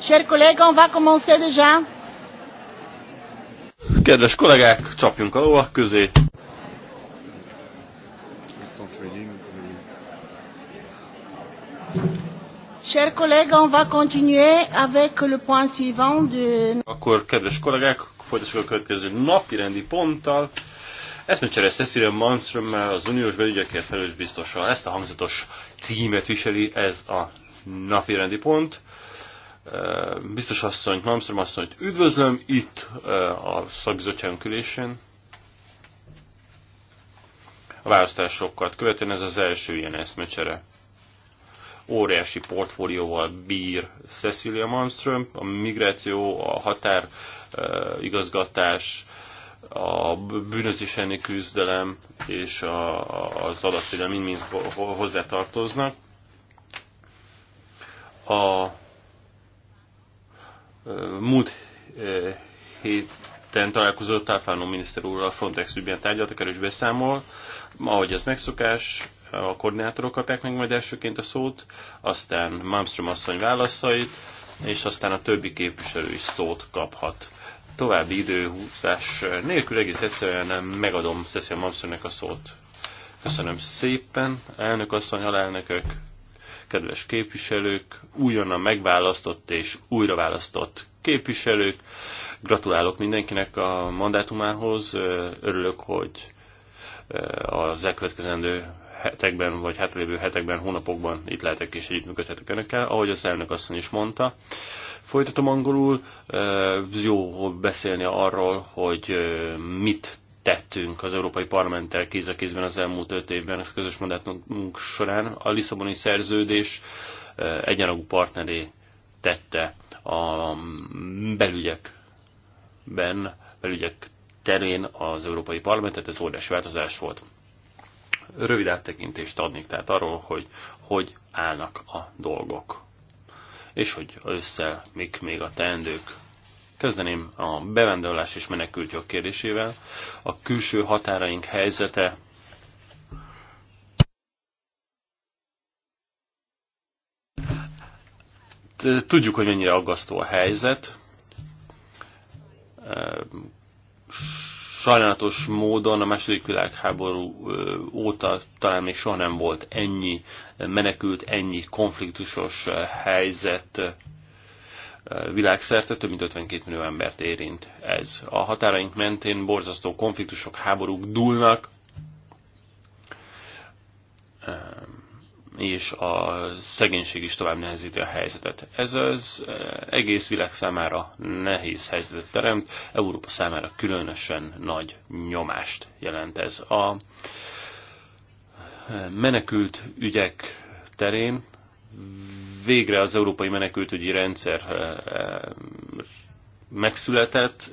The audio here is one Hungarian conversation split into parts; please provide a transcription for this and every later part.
Chers collègues, on va commencer déjà. Kedves kollégák, csapjunk a lóak közé. Chers collègues, on va continuer avec le point suivant de... Akkor, kedves kollégák, Folytassuk a következő napi rendi ponttal. Eszmecsere Cecilia Malmströmmel, az uniós belügyekért felelős biztossal. Ezt a hangzatos címet viseli ez a napi rendi pont. Biztos asszonyt, Malmström asszonyt üdvözlöm itt a szakbizottságunk külésén. A választásokat követően ez az első ilyen eszmecsere óriási portfólióval bír Cecilia Malmström, a migráció, a határ igazgatás, a bűnözés elleni küzdelem és az adatvédelem mind-mind hozzátartoznak. A múlt héten találkozott Alfano miniszter úrral a Frontex ügyben tárgyaltak, erős beszámol, ahogy ez megszokás, a koordinátorok kapják meg majd elsőként a szót, aztán Malmström asszony válaszait, és aztán a többi képviselő is szót kaphat. További időhúzás nélkül egész egyszerűen megadom Cecil Malmströmnek a szót. Köszönöm szépen, elnök asszony, halálnökök, kedves képviselők, újonnan megválasztott és újra választott képviselők. Gratulálok mindenkinek a mandátumához, örülök, hogy az elkövetkezendő hetekben, vagy hátralévő hetekben, hónapokban itt lehetek és együttműködhetek önökkel. Ahogy az elnök asszony is mondta, folytatom angolul, eh, jó beszélni arról, hogy eh, mit tettünk az Európai Parlamenttel kéz a kézben az elmúlt öt évben a közös mandátumunk során. A Lisszaboni szerződés eh, egyenlagú partneré tette a belügyekben, belügyek terén az Európai Parlamentet, ez óriási változás volt rövid áttekintést adnék, tehát arról, hogy hogy állnak a dolgok, és hogy össze mik még a teendők. Kezdeném a bevándorlás és menekültjog kérdésével. A külső határaink helyzete Tudjuk, hogy mennyire aggasztó a helyzet ehm, sajnálatos módon a második világháború óta talán még soha nem volt ennyi menekült, ennyi konfliktusos helyzet világszerte, több mint 52 millió embert érint ez. A határaink mentén borzasztó konfliktusok, háborúk dúlnak, és a szegénység is tovább nehezíti a helyzetet. Ez az eh, egész világ számára nehéz helyzetet teremt, Európa számára különösen nagy nyomást jelent ez. A eh, menekült ügyek terén végre az európai menekültügyi rendszer eh, megszületett,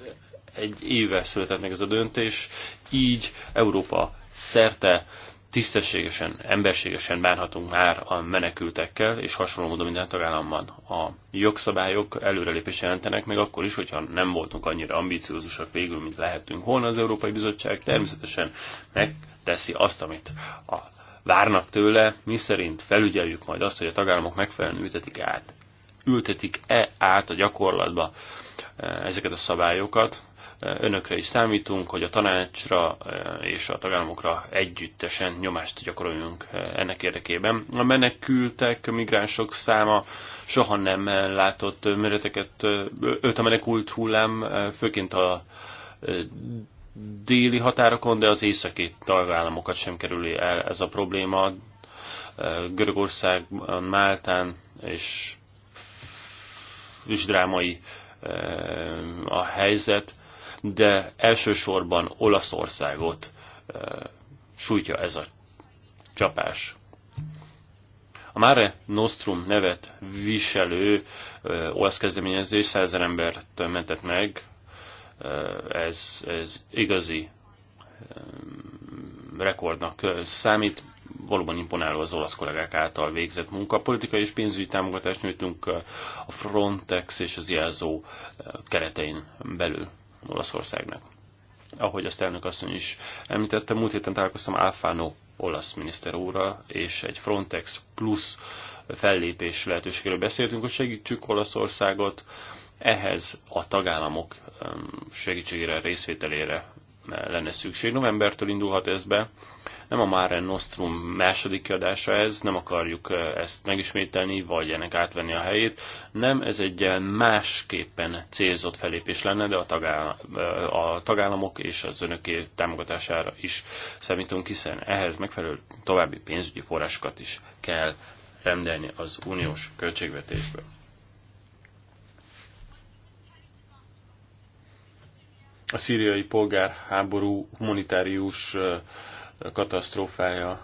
egy évvel született meg ez a döntés, így Európa szerte tisztességesen, emberségesen bánhatunk már a menekültekkel, és hasonló módon minden tagállamban. A jogszabályok előrelépés jelentenek, meg akkor is, hogyha nem voltunk annyira ambiciózusak végül, mint lehetünk volna. Az Európai Bizottság természetesen megteszi azt, amit a várnak tőle, mi szerint felügyeljük majd azt, hogy a tagállamok megfelelően ültetik át ültetik-e át a gyakorlatba eh, ezeket a szabályokat, önökre is számítunk, hogy a tanácsra e, és a tagállamokra együttesen nyomást gyakoroljunk e, ennek érdekében. A menekültek, a migránsok száma soha nem látott méreteket, e, öt a menekült hullám, főként a déli határokon, de az északi tagállamokat sem kerüli el ez a probléma. Görögország, Máltán és is drámai a helyzet de elsősorban Olaszországot eh, sújtja ez a csapás. A Mare Nostrum nevet viselő eh, olasz kezdeményezés százer embert mentett meg, eh, ez, ez igazi rekordnak számít. Valóban imponáló az olasz kollégák által végzett munka. Politikai és pénzügyi támogatást nyújtunk a Frontex és az jelzó keretein belül. Olaszországnak. Ahogy azt elnök asszony is említette, múlt héten találkoztam Alfano olasz miniszter úrra és egy Frontex plusz fellépés lehetőségéről beszéltünk, hogy segítsük Olaszországot, ehhez a tagállamok segítségére, részvételére lenne szükség. Novembertől indulhat ez be. Nem a Mare Nostrum második kiadása ez, nem akarjuk ezt megismételni, vagy ennek átvenni a helyét. Nem, ez egy másképpen célzott felépés lenne, de a, tagállam, a tagállamok és az önöké támogatására is számítunk, hiszen ehhez megfelelő további pénzügyi forrásokat is kell rendelni az uniós költségvetésből. a szíriai polgárháború humanitárius katasztrófája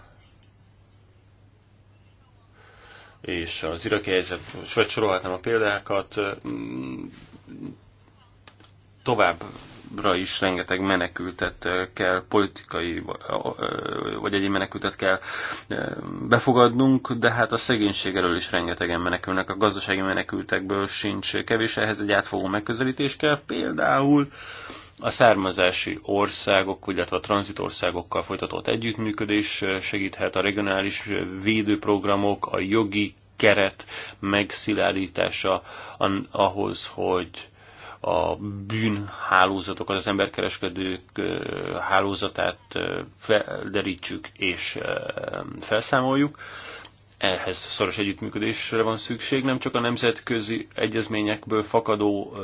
és az iraki helyzet, vagy sorolhatnám a példákat, továbbra is rengeteg menekültet kell politikai, vagy egyéb menekültet kell befogadnunk, de hát a szegénység elől is rengetegen menekülnek, a gazdasági menekültekből sincs kevés, ehhez egy átfogó megközelítés kell, például a származási országok, illetve a tranzitországokkal folytatott együttműködés segíthet a regionális védőprogramok, a jogi keret megszilárdítása ahhoz, hogy a bűnhálózatokat, az emberkereskedők hálózatát felderítsük és felszámoljuk ehhez szoros együttműködésre van szükség, nem csak a nemzetközi egyezményekből fakadó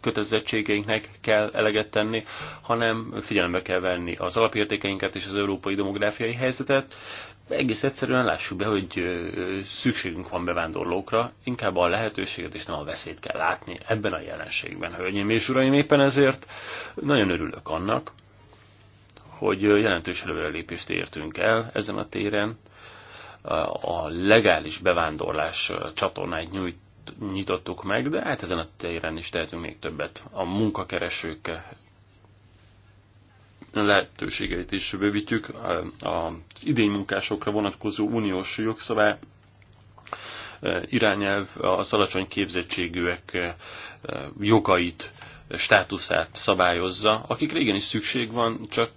kötelezettségeinknek kell eleget tenni, hanem figyelembe kell venni az alapértékeinket és az európai demográfiai helyzetet. Egész egyszerűen lássuk be, hogy szükségünk van bevándorlókra, inkább a lehetőséget és nem a veszélyt kell látni ebben a jelenségben, hölgyeim és uraim. Éppen ezért nagyon örülök annak, hogy jelentős előrelépést értünk el ezen a téren, a legális bevándorlás csatornáit nyújt, nyitottuk meg, de hát ezen a téren is tehetünk még többet. A munkakeresők lehetőségeit is bővítjük. Az idénymunkásokra vonatkozó uniós jogszabály irányelv az alacsony képzettségűek jogait, státuszát szabályozza, akik régen is szükség van, csak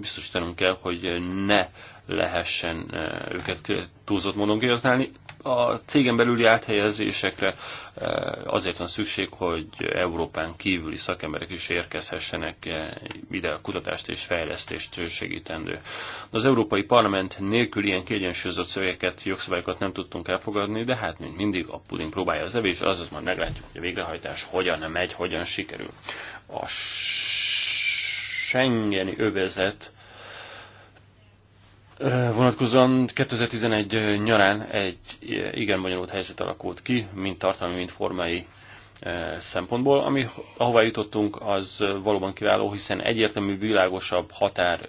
biztosítanunk kell, hogy ne lehessen eh, őket túlzott módon kihasználni. A cégen belüli áthelyezésekre eh, azért van szükség, hogy Európán kívüli szakemberek is érkezhessenek eh, ide a kutatást és fejlesztést segítendő. Az Európai Parlament nélkül ilyen kiegyensúlyozott szövegeket, jogszabályokat nem tudtunk elfogadni, de hát mint mindig a puding próbálja az evés, azaz majd meglátjuk, hogy a végrehajtás hogyan megy, hogyan sikerül. A Schengeni övezet vonatkozóan 2011 nyarán egy igen bonyolult helyzet alakult ki, mind tartalmi, mind formai szempontból. Ami ahová jutottunk, az valóban kiváló, hiszen egyértelmű, világosabb határ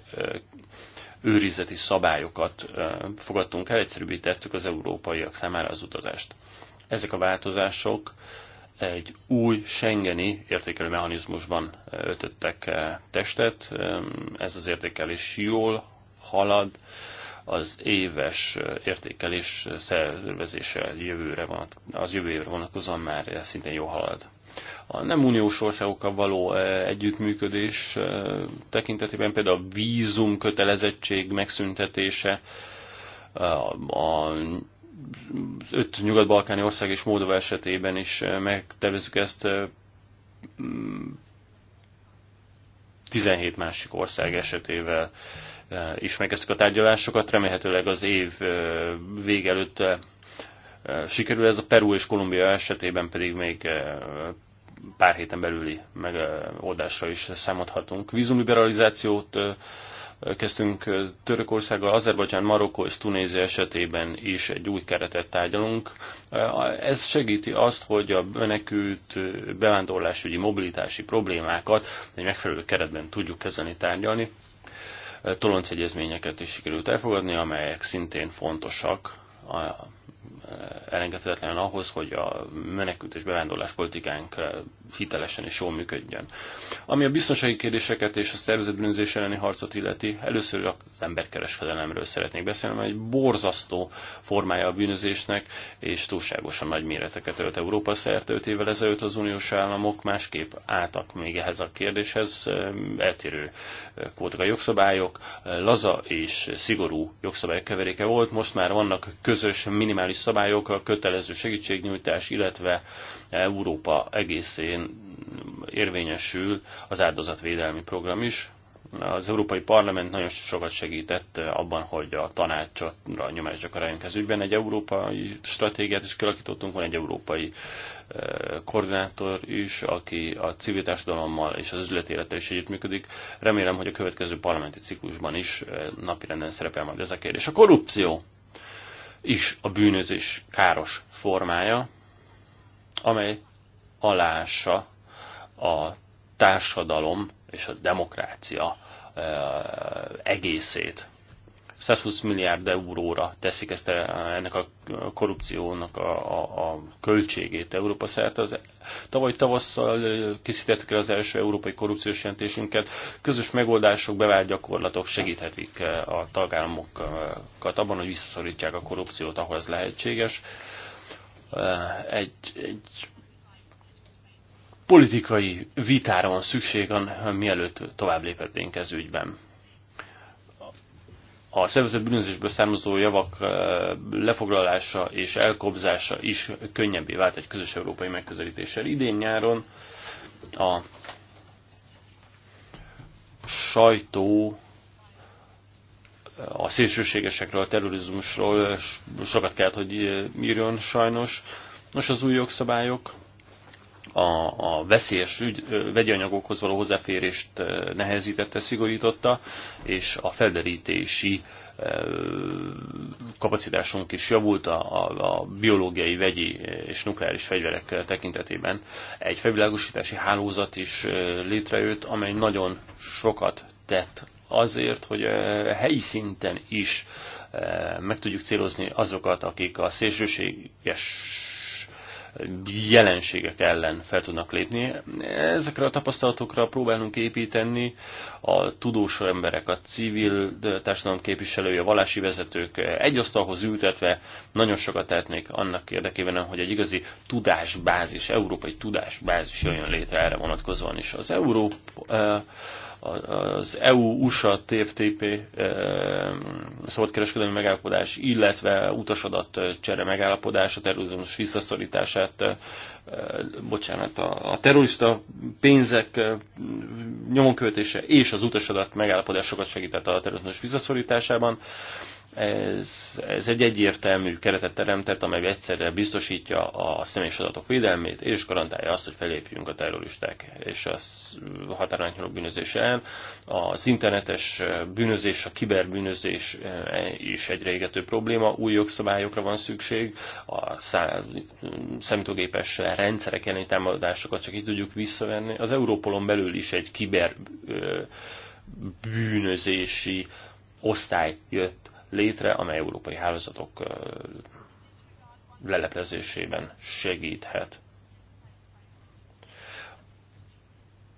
őrizeti szabályokat fogadtunk el, egyszerűbbé tettük az európaiak számára az utazást. Ezek a változások egy új Schengeni értékelő mechanizmusban ötöttek testet. Ez az értékelés jól halad az éves értékelés szervezése jövőre vonat, az jövő évre vonatkozóan már szintén jó halad. A nem uniós országokkal való e, együttműködés e, tekintetében például a vízum kötelezettség megszüntetése, e, a öt nyugat-balkáni ország és Moldova esetében is megtervezük ezt 17 másik ország esetével Eh, is megkezdtük a tárgyalásokat, remélhetőleg az év eh, vége előtt eh, sikerül ez a Peru és Kolumbia esetében pedig még pár héten belüli megoldásra is számodhatunk. Vízumliberalizációt kezdtünk Törökországgal, Azerbajdzsán, Marokkó és Tunézia esetében is egy új keretet tárgyalunk. Ez segíti azt, hogy a menekült bevándorlásügyi mobilitási problémákat egy megfelelő keretben tudjuk kezelni, tárgyalni toloncegyezményeket is sikerült elfogadni, amelyek szintén fontosak elengedhetetlen ahhoz, hogy a menekült és bevándorlás politikánk eh, hitelesen és jól működjön. Ami a biztonsági kérdéseket és a szervezetbűnözés elleni harcot illeti, először az emberkereskedelemről szeretnék beszélni, mert egy borzasztó formája a bűnözésnek, és túlságosan nagy méreteket ölt Európa szerte 5 évvel ezelőtt az uniós államok másképp álltak még ehhez a kérdéshez, eh, eltérő eh, voltak a jogszabályok, laza és szigorú jogszabályok keveréke volt, most már vannak közös minimális szabályok, szabályok, a kötelező segítségnyújtás, illetve Európa egészén érvényesül az áldozatvédelmi program is. Az Európai Parlament nagyon sokat segített abban, hogy a tanácsra nyomás gyakoroljunk ez ügyben. Egy európai stratégiát is kialakítottunk, van egy európai eh, koordinátor is, aki a civil társadalommal és az üzleti élettel is együttműködik. Remélem, hogy a következő parlamenti ciklusban is eh, napirenden szerepel majd ez a kérdés. A korrupció is a bűnözés káros formája, amely alása a társadalom és a demokrácia eh, egészét. 120 milliárd euróra teszik ezt a, ennek a korrupciónak a, a, a költségét Európa szerte. Az, tavaly tavasszal készítettük el az első európai korrupciós jelentésünket. Közös megoldások, bevált gyakorlatok segíthetik a tagállamokat abban, hogy visszaszorítják a korrupciót, ahol ez lehetséges. Egy, egy politikai vitára van szükség, mielőtt tovább léphetnénk ez ügyben a szervezett bűnözésből származó javak eh, lefoglalása és elkobzása is könnyebbé vált egy közös európai megközelítéssel. Idén nyáron a sajtó eh, a szélsőségesekről, a terrorizmusról sokat kellett, hogy eh, írjon sajnos. Nos, az új jogszabályok a, a veszélyes ügy, vegyi anyagokhoz való hozzáférést nehezítette, szigorította, és a felderítési kapacitásunk is javult a, a, a biológiai, vegyi és nukleáris fegyverek tekintetében. Egy felvilágosítási hálózat is létrejött, amely nagyon sokat tett azért, hogy helyi szinten is meg tudjuk célozni azokat, akik a szélsőséges jelenségek ellen fel tudnak lépni. Ezekre a tapasztalatokra próbálunk építeni a tudós emberek, a civil társadalom képviselői, a vallási vezetők egy asztalhoz ültetve nagyon sokat tehetnék annak érdekében, hogy egy igazi tudásbázis, európai tudásbázis jöjjön létre erre vonatkozóan is. Az Európa az EU-USA TFTP eh, kereskedelmi megállapodás, illetve utasadat eh, csere megállapodás a terrorizmus visszaszorítását, eh, bocsánat, a terrorista pénzek nyomonkövetése és az utasadat megállapodás sokat segített a terrorizmus visszaszorításában ez, ez egy egyértelmű keretet teremtett, amely egyszerre biztosítja a személyes adatok védelmét, és garantálja azt, hogy felépjünk a terroristák és a határon nyúló bűnözés ellen. Az internetes bűnözés, a kiberbűnözés e, is egyre égető probléma, új jogszabályokra van szükség, a számítógépes rendszerek elleni támadásokat csak így tudjuk visszavenni. Az Európolon belül is egy kiberbűnözési osztály jött létre, amely európai hálózatok leleplezésében segíthet.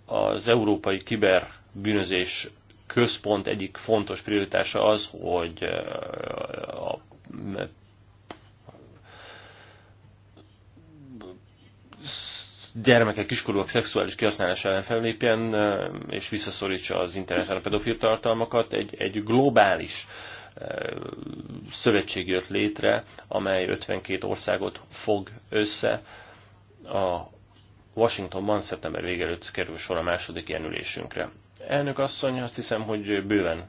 Az európai kiberbűnözés központ egyik fontos prioritása az, hogy a gyermekek, kiskorúak szexuális kihasználás ellen fellépjen, és visszaszorítsa az interneten a pedofil tartalmakat, egy, egy globális uh, szövetség jött létre, amely 52 országot fog össze. A Washingtonban szeptember végelőtt előtt kerül sor a második ilyen ülésünkre. Elnök asszony, azt hiszem, hogy bőven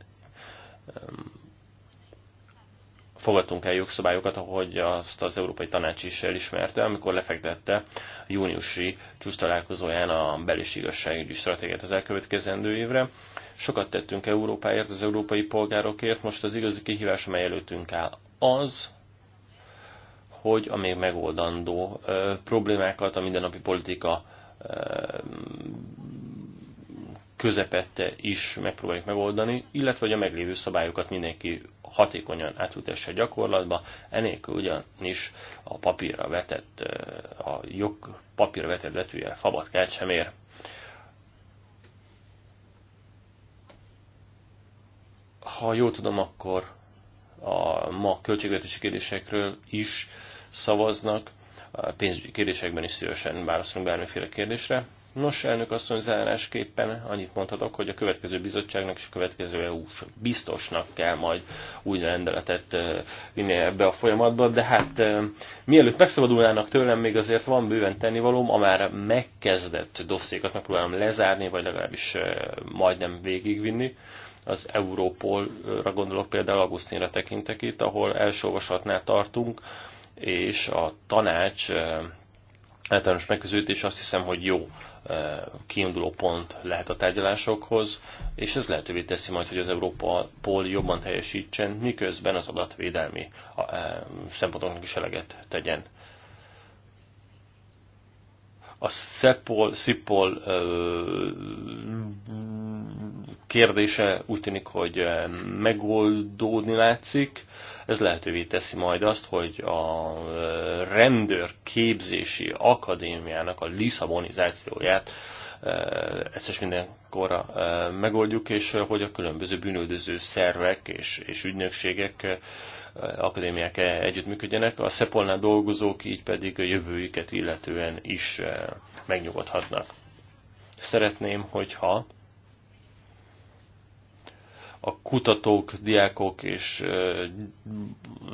fogadtunk el jogszabályokat, ahogy azt az Európai Tanács is elismerte, amikor lefektette júniusi csúcs találkozóján a belis igazságügyi stratégiát az elkövetkezendő évre. Sokat tettünk Európáért, az európai polgárokért, most az igazi kihívás, amely előttünk áll, az, hogy a még megoldandó ö, problémákat a mindennapi politika ö, közepette is megpróbáljuk megoldani, illetve hogy a meglévő szabályokat mindenki hatékonyan átültesse a gyakorlatba, enélkül ugyanis a papírra vetett, eh, a jog papírra vetett vetője fabatkát sem ér. Ha jól tudom, akkor a ma költségvetési kérdésekről is szavaznak, a pénzügyi kérdésekben is szívesen válaszolunk bármiféle kérdésre. Nos, elnök asszony zárásképpen annyit mondhatok, hogy a következő bizottságnak és a következő eu biztosnak kell majd új rendeletet vinni ebbe a folyamatba, de hát mielőtt megszabadulnának tőlem, még azért van bőven tennivalóm, a már megkezdett dosszékat megpróbálom lezárni, vagy legalábbis majdnem végigvinni az Európolra gondolok például Augustinra tekintek itt, ahol első olvasatnál tartunk, és a tanács általános megközelítés azt hiszem, hogy jó eh, kiinduló pont lehet a tárgyalásokhoz, és ez lehetővé teszi majd, hogy az Európa Európol jobban teljesítsen, miközben az adatvédelmi eh, szempontoknak is eleget tegyen. A SEPOL, SIPOL eh, kérdése úgy tűnik, hogy eh, megoldódni látszik. Ez lehetővé teszi majd azt, hogy a eh, rendőr képzési akadémiának a liszabonizációját eh, ezt is mindenkorra megoldjuk, és hogy a különböző bűnöldöző szervek és, és ügynökségek, akadémiák -e együttműködjenek, a Szepolnál dolgozók így pedig a jövőjüket illetően is megnyugodhatnak. Szeretném, hogyha a kutatók, diákok és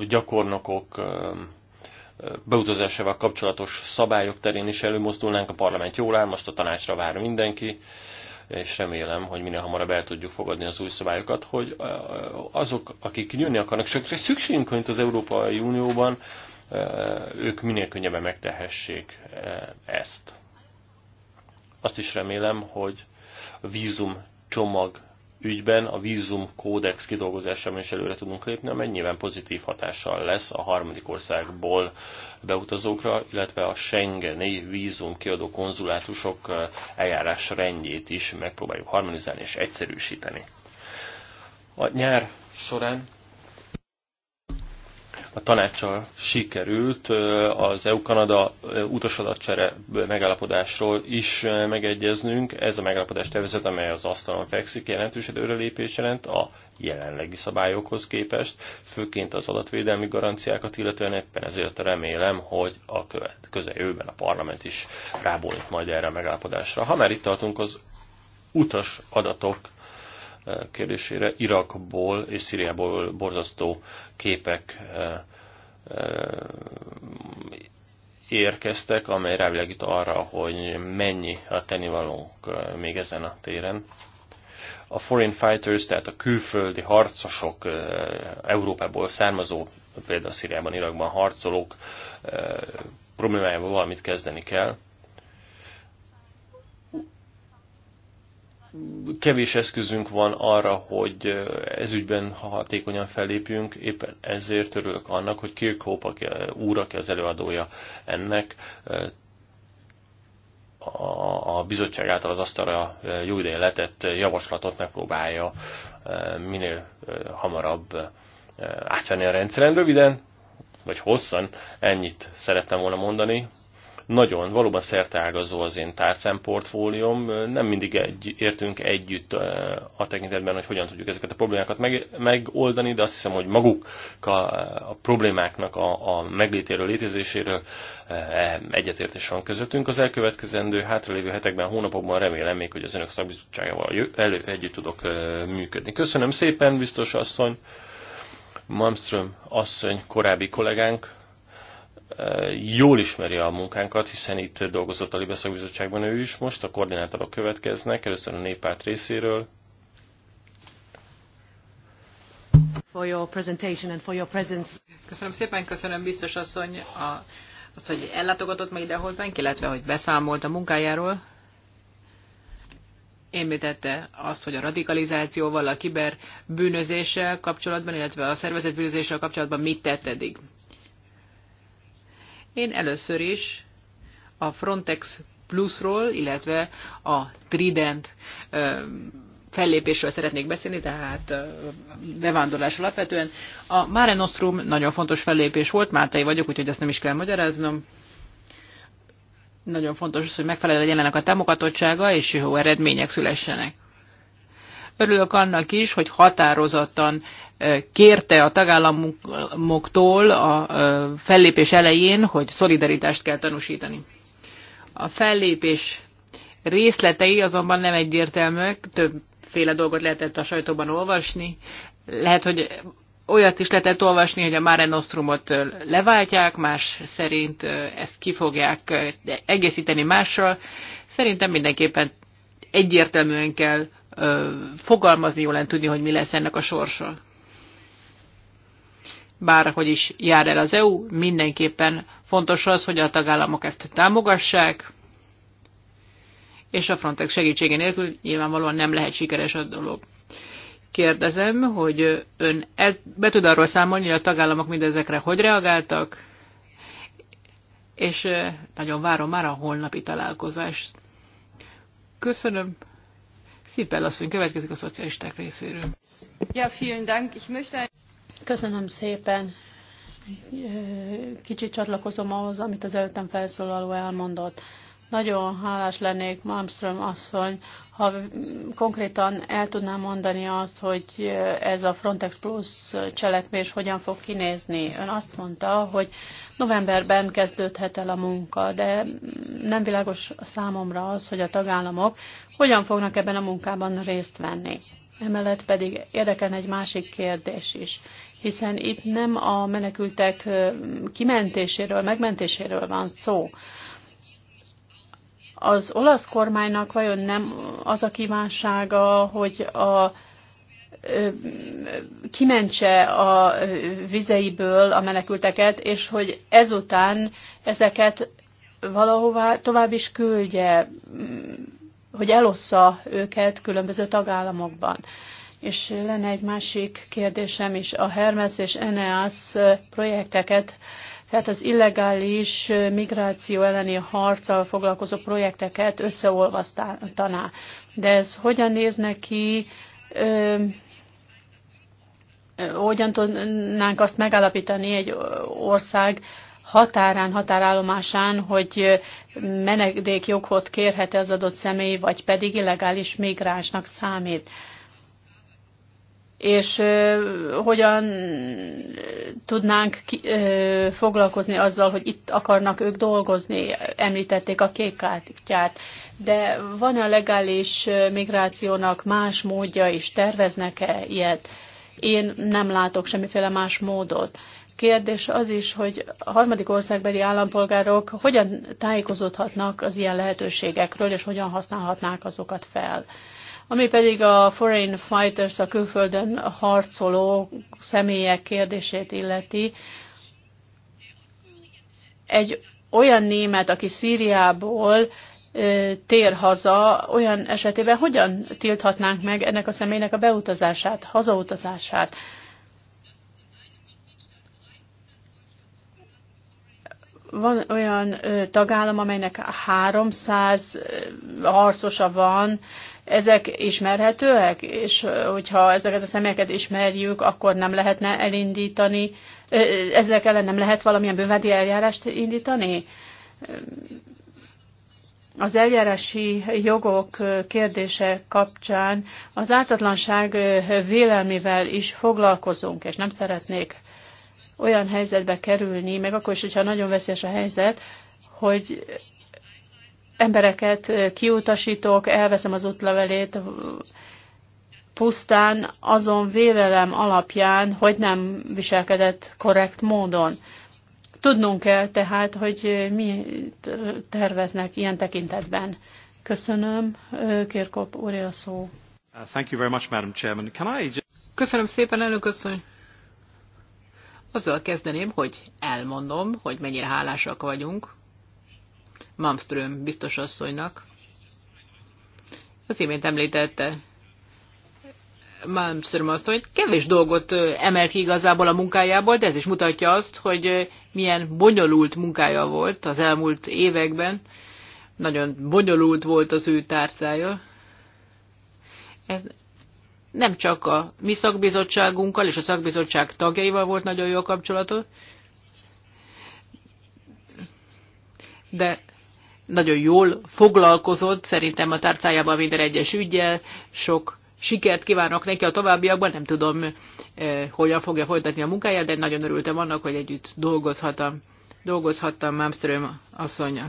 gyakornokok beutazásával kapcsolatos szabályok terén is előmozdulnánk, a parlament jól áll, most a tanácsra vár mindenki, és remélem, hogy minél hamarabb el tudjuk fogadni az új szabályokat, hogy azok, akik jönni akarnak, csak szükségünk van itt az Európai Unióban, ők minél könnyebben megtehessék ezt. Azt is remélem, hogy a vízum csomag ügyben a vízum kódex kidolgozásában is előre tudunk lépni, amely nyilván pozitív hatással lesz a harmadik országból beutazókra, illetve a Schengeni vízum kiadó konzulátusok eh, eljárás rendjét is megpróbáljuk harmonizálni és egyszerűsíteni. A nyár során a tanácssal sikerült az EU-Kanada utasadatcsere megállapodásról is megegyeznünk. Ez a megállapodás tervezet, amely az asztalon fekszik, jelentős előrelépés jelent a jelenlegi szabályokhoz képest, főként az adatvédelmi garanciákat, illetően éppen ezért remélem, hogy a követ, közeljövőben a parlament is rábólít majd erre a megállapodásra. Ha már itt tartunk az utas adatok kérdésére. Irakból és Szíriából borzasztó képek érkeztek, amely rávilágít arra, hogy mennyi a tennivalónk még ezen a téren. A foreign fighters, tehát a külföldi harcosok, Európából származó, például Szíriában, Irakban harcolók problémájával valamit kezdeni kell. kevés eszközünk van arra, hogy ezügyben hatékonyan fellépjünk, éppen ezért örülök annak, hogy Kirkhope úr, aki az előadója ennek, a bizottság által az asztalra jó ideje letett javaslatot megpróbálja minél hamarabb átvenni a rendszeren. Röviden, vagy hosszan, ennyit szerettem volna mondani. Nagyon, valóban szerteágazó az én tárcám portfólióm, nem mindig egy, értünk együtt a tekintetben, hogy hogyan tudjuk ezeket a problémákat meg, megoldani, de azt hiszem, hogy maguk a, a problémáknak a, a meglétéről, létezéséről egyetértés van közöttünk. Az elkövetkezendő hátralévő hetekben, hónapokban remélem még, hogy az önök szakbizottságával elő, együtt tudok működni. Köszönöm szépen, biztos asszony! Malmström asszony korábbi kollégánk jól ismeri a munkánkat, hiszen itt dolgozott a Libeszakbizottságban ő is most, a koordinátorok következnek, először a néppárt részéről. For your presentation and for your presence. Köszönöm szépen, köszönöm biztos asszony a, azt, hogy ellátogatott meg ide hozzánk, illetve hogy beszámolt a munkájáról. Említette azt, hogy a radikalizációval, a kiberbűnözéssel kapcsolatban, illetve a szervezetbűnözéssel kapcsolatban mit tett eddig. Én először is a Frontex Plusról, illetve a Trident fellépésről szeretnék beszélni, tehát bevándorlás alapvetően. A Mare Nostrum nagyon fontos fellépés volt, Mártai vagyok, úgyhogy ezt nem is kell magyaráznom. Nagyon fontos az, hogy megfelelően legyenek a támogatottsága, és jó eredmények szülessenek. Örülök annak is, hogy határozottan kérte a tagállamoktól a fellépés elején, hogy szolidaritást kell tanúsítani. A fellépés részletei azonban nem egyértelműek, többféle dolgot lehetett a sajtóban olvasni. Lehet, hogy olyat is lehetett olvasni, hogy a Mare Nostrumot leváltják, más szerint ezt ki fogják egészíteni mással. Szerintem mindenképpen egyértelműen kell fogalmazni, jól lenne tudni, hogy mi lesz ennek a sorsa. Bárhogy is jár el az EU, mindenképpen fontos az, hogy a tagállamok ezt támogassák, és a Frontex segítsége nélkül nyilvánvalóan nem lehet sikeres a dolog. Kérdezem, hogy ön el, be tud arról számolni, hogy a tagállamok mindezekre hogy reagáltak, és nagyon várom már a holnapi találkozást. Köszönöm asszony következik a szocialisták részéről. Ja, vielen Dank. Ich möchte... Köszönöm szépen. Kicsit csatlakozom ahhoz, amit az előttem felszólaló elmondott. Nagyon hálás lennék, Malmström asszony, ha konkrétan el tudnám mondani azt, hogy ez a Frontex Plus cselekvés hogyan fog kinézni. Ön azt mondta, hogy novemberben kezdődhet el a munka, de nem világos számomra az, hogy a tagállamok hogyan fognak ebben a munkában részt venni. Emellett pedig érdekel egy másik kérdés is, hiszen itt nem a menekültek kimentéséről, megmentéséről van szó, az olasz kormánynak vajon nem az a kívánsága, hogy a kimentse a vizeiből a menekülteket, és hogy ezután ezeket valahová tovább is küldje, hogy elossza őket különböző tagállamokban. És lenne egy másik kérdésem is, a Hermes és Eneas projekteket tehát az illegális migráció elleni harccal foglalkozó projekteket összeolvasztaná. De ez hogyan néz neki, hogyan tudnánk azt megállapítani egy ország határán, határállomásán, hogy menedékjogot kérhet-e az adott személy, vagy pedig illegális migránsnak számít és hogyan tudnánk foglalkozni azzal, hogy itt akarnak ők dolgozni, említették a kék kártyát, de van-e a legális migrációnak más módja is, terveznek-e ilyet? Én nem látok semmiféle más módot. Kérdés az is, hogy a harmadik országbeli állampolgárok hogyan tájékozódhatnak az ilyen lehetőségekről, és hogyan használhatnák azokat fel. Ami pedig a foreign fighters, a külföldön harcoló személyek kérdését illeti, egy olyan német, aki Szíriából tér haza, olyan esetében hogyan tilthatnánk meg ennek a személynek a beutazását, hazautazását? Van olyan tagállam, amelynek 300 harcosa van, ezek ismerhetőek, és hogyha ezeket a személyeket ismerjük, akkor nem lehetne elindítani, ezek ellen nem lehet valamilyen bővádi eljárást indítani? Az eljárási jogok kérdése kapcsán az ártatlanság vélelmével is foglalkozunk, és nem szeretnék olyan helyzetbe kerülni, meg akkor is, hogyha nagyon veszélyes a helyzet, hogy embereket kiutasítok, elveszem az útlevelét, pusztán azon vélelem alapján, hogy nem viselkedett korrekt módon. Tudnunk kell tehát, hogy mi terveznek ilyen tekintetben. Köszönöm. Kirkop úr a szó. Uh, Köszönöm szépen, elnök asszony. Azzal kezdeném, hogy elmondom, hogy mennyire hálásak vagyunk Malmström biztos asszonynak. Az imént említette Malmström azt, hogy kevés dolgot emelt ki igazából a munkájából, de ez is mutatja azt, hogy milyen bonyolult munkája volt az elmúlt években. Nagyon bonyolult volt az ő tárcája. Ez nem csak a mi szakbizottságunkkal és a szakbizottság tagjaival volt nagyon jó kapcsolatot, de nagyon jól foglalkozott szerintem a tárcájában minden egyes ügyel, sok sikert kívánok neki a továbbiakban, nem tudom, eh, hogyan fogja folytatni a munkáját, de nagyon örültem annak, hogy együtt dolgozhattam, dolgozhattam Mámström asszonya.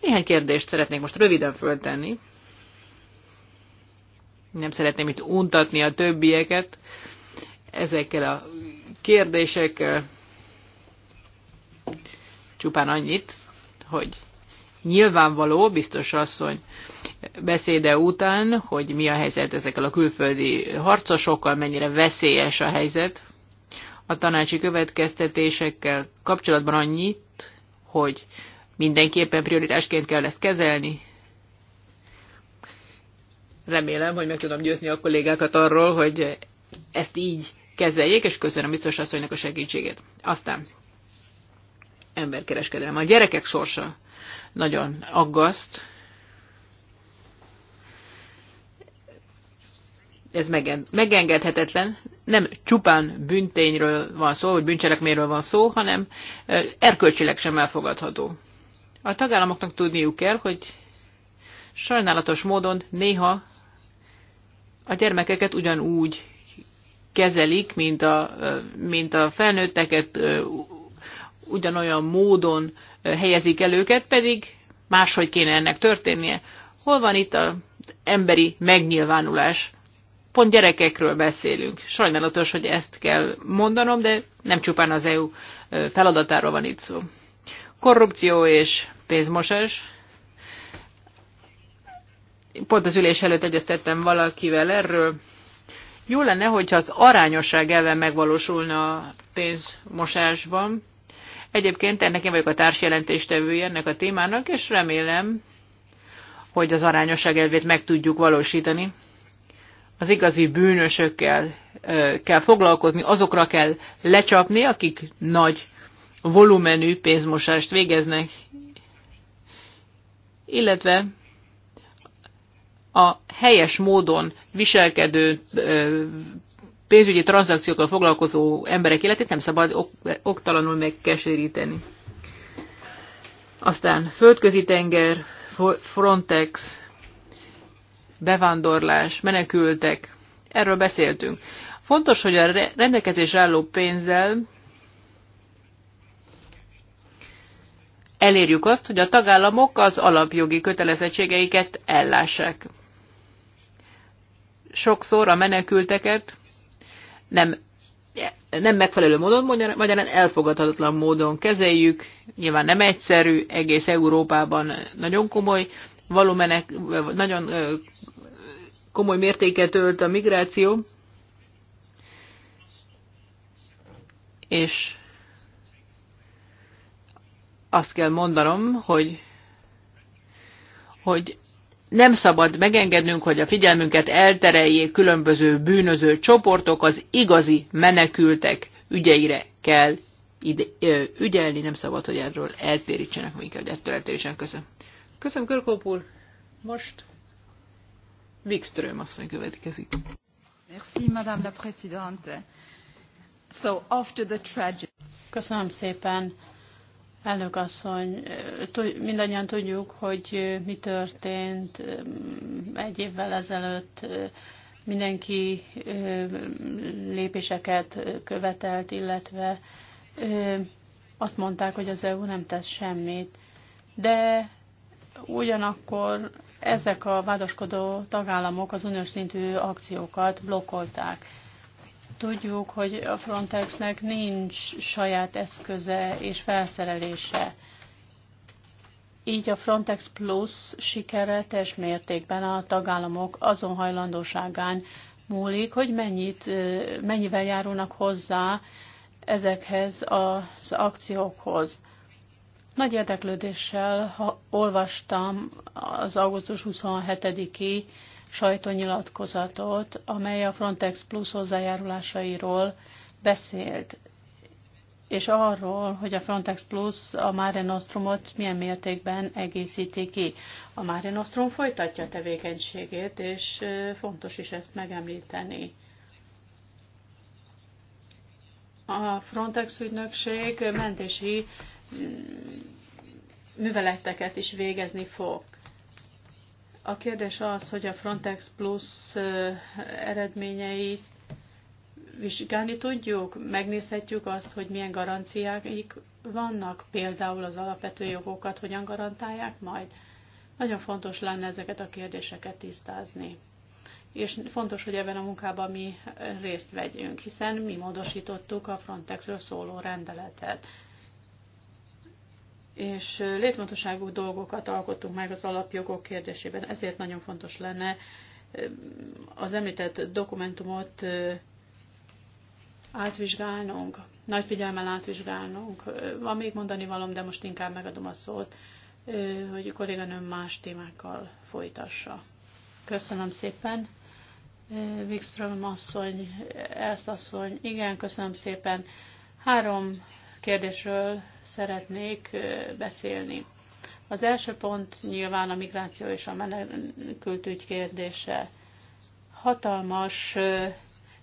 Néhány kérdést szeretnék most röviden föltenni nem szeretném itt untatni a többieket ezekkel a kérdésekkel. Csupán annyit, hogy nyilvánvaló, biztos asszony beszéde után, hogy mi a helyzet ezekkel a külföldi harcosokkal, mennyire veszélyes a helyzet. A tanácsi következtetésekkel kapcsolatban annyit, hogy mindenképpen prioritásként kell ezt kezelni, Remélem, hogy meg tudom győzni a kollégákat arról, hogy ezt így kezeljék, és köszönöm biztos asszonynak a segítségét. Aztán emberkereskedelem. A gyerekek sorsa nagyon aggaszt. Ez megengedhetetlen. Nem csupán büntényről van szó, vagy bűncselekményről van szó, hanem erkölcsileg sem elfogadható. A tagállamoknak tudniuk kell, hogy Sajnálatos módon néha a gyermekeket ugyanúgy kezelik, mint a, mint a felnőtteket, ugyanolyan módon helyezik el őket, pedig máshogy kéne ennek történnie. Hol van itt az emberi megnyilvánulás? Pont gyerekekről beszélünk. Sajnálatos, hogy ezt kell mondanom, de nem csupán az EU feladatáról van itt szó. Korrupció és pénzmosás pont az ülés előtt egyeztettem valakivel erről. Jó lenne, hogyha az arányosság elve megvalósulna a pénzmosásban. Egyébként ennek én vagyok a társjelentéstevője ennek a témának, és remélem, hogy az arányosság elvét meg tudjuk valósítani. Az igazi bűnösökkel kell foglalkozni, azokra kell lecsapni, akik nagy volumenű pénzmosást végeznek, illetve a helyes módon viselkedő pénzügyi tranzakciókkal foglalkozó emberek életét nem szabad ok oktalanul megkeseríteni. Aztán földközi tenger, Frontex, bevándorlás, menekültek, erről beszéltünk. Fontos, hogy a rendelkezés álló pénzzel elérjük azt, hogy a tagállamok az alapjogi kötelezettségeiket ellássák sokszor a menekülteket nem, nem megfelelő módon, magyarán elfogadhatatlan módon kezeljük. Nyilván nem egyszerű, egész Európában nagyon komoly, való menek, nagyon komoly mértéket ölt a migráció, és azt kell mondanom, hogy, hogy nem szabad megengednünk, hogy a figyelmünket eltereljék különböző bűnöző csoportok, az igazi menekültek ügyeire kell ide, ö, ügyelni, nem szabad, hogy erről eltérítsenek minket, hogy ettől eltérítsenek. Köszönöm. Köszönöm, Körkóp Most Wikström asszony következik. Merci, Madame la Présidente. So, after the tragedy... Köszönöm szépen. Elnök asszony, mindannyian tudjuk, hogy mi történt egy évvel ezelőtt. Mindenki lépéseket követelt, illetve azt mondták, hogy az EU nem tesz semmit. De ugyanakkor ezek a vádaskodó tagállamok az uniós szintű akciókat blokkolták. Tudjuk, hogy a Frontexnek nincs saját eszköze és felszerelése. Így a Frontex Plus sikere teljes mértékben a tagállamok azon hajlandóságán múlik, hogy mennyit, mennyivel járulnak hozzá ezekhez az akciókhoz. Nagy érdeklődéssel olvastam az augusztus 27-i sajtónyilatkozatot, amely a Frontex Plus hozzájárulásairól beszélt, és arról, hogy a Frontex Plus a Mare Nostrumot milyen mértékben egészíti ki. A Mare Nostrum folytatja a tevékenységét, és fontos is ezt megemlíteni. A Frontex ügynökség mentési műveleteket is végezni fog. A kérdés az, hogy a Frontex Plus eredményeit vizsgálni tudjuk, megnézhetjük azt, hogy milyen garanciáik vannak, például az alapvető jogokat hogyan garantálják majd. Nagyon fontos lenne ezeket a kérdéseket tisztázni. És fontos, hogy ebben a munkában mi részt vegyünk, hiszen mi módosítottuk a Frontexről szóló rendeletet és létfontosságú dolgokat alkottunk meg az alapjogok kérdésében. Ezért nagyon fontos lenne az említett dokumentumot átvizsgálnunk, nagy figyelmel átvizsgálnunk. Van még mondani valam, de most inkább megadom a szót, hogy a kolléganőm más témákkal folytassa. Köszönöm szépen. Wikström asszony, Elsz asszony, igen, köszönöm szépen. Három kérdésről szeretnék beszélni. Az első pont nyilván a migráció és a menekültügy kérdése. Hatalmas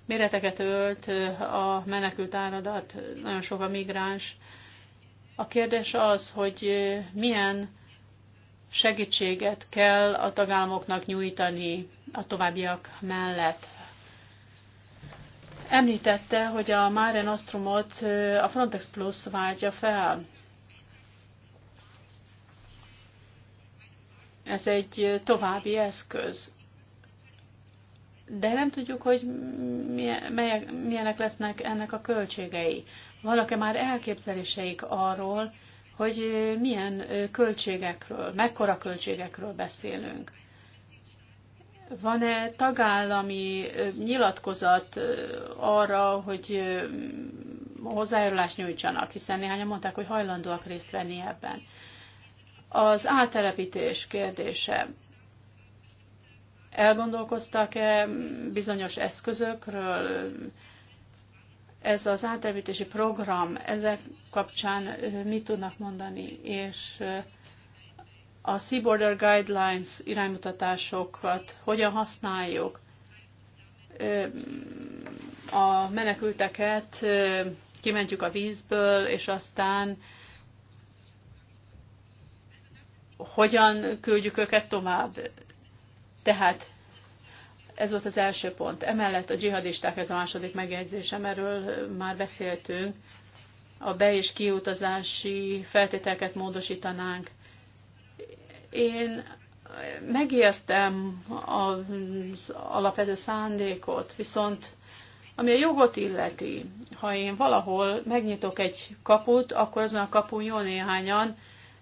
méreteket ölt a menekült áradat, nagyon sok a migráns. A kérdés az, hogy milyen segítséget kell a tagállamoknak nyújtani a továbbiak mellett. Említette, hogy a Mare Nostrumot a Frontex Plus váltja fel. Ez egy további eszköz. De nem tudjuk, hogy milyenek lesznek ennek a költségei. Vannak-e már elképzeléseik arról, hogy milyen költségekről, mekkora költségekről beszélünk? Van-e tagállami nyilatkozat arra, hogy hozzájárulást nyújtsanak, hiszen néhányan mondták, hogy hajlandóak részt venni ebben. Az átelepítés kérdése. Elgondolkoztak-e bizonyos eszközökről? Ez az átelepítési program, ezek kapcsán mit tudnak mondani? És a Sea Border Guidelines iránymutatásokat hogyan használjuk, a menekülteket kimentjük a vízből, és aztán hogyan küldjük őket tovább. Tehát ez volt az első pont. Emellett a dzsihadisták, ez a második megjegyzésem, erről már beszéltünk, a be- és kiutazási feltételeket módosítanánk, én megértem az alapvető szándékot, viszont ami a jogot illeti, ha én valahol megnyitok egy kaput, akkor azon a kapun jó néhányan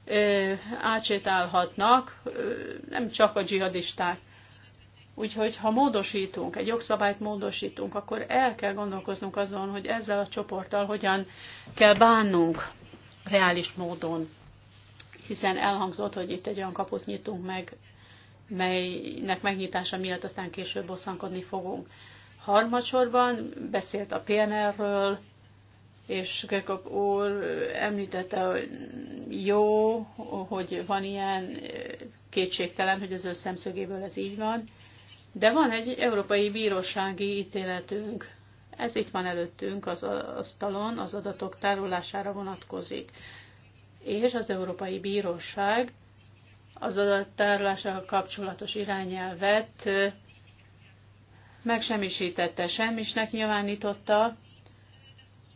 ö, átsétálhatnak, ö, nem csak a dzsihadisták. Úgyhogy ha módosítunk, egy jogszabályt módosítunk, akkor el kell gondolkoznunk azon, hogy ezzel a csoporttal hogyan kell bánnunk reális módon hiszen elhangzott, hogy itt egy olyan kaput nyitunk meg, melynek megnyitása miatt aztán később bosszankodni fogunk. Harmadsorban beszélt a PNR-ről, és Gökök úr említette, hogy jó, hogy van ilyen, kétségtelen, hogy az ő szemszögéből ez így van, de van egy európai bírósági ítéletünk. Ez itt van előttünk az asztalon, az adatok tárolására vonatkozik és az Európai Bíróság az adattárlással kapcsolatos irányelvet megsemmisítette, semmisnek nyilvánította,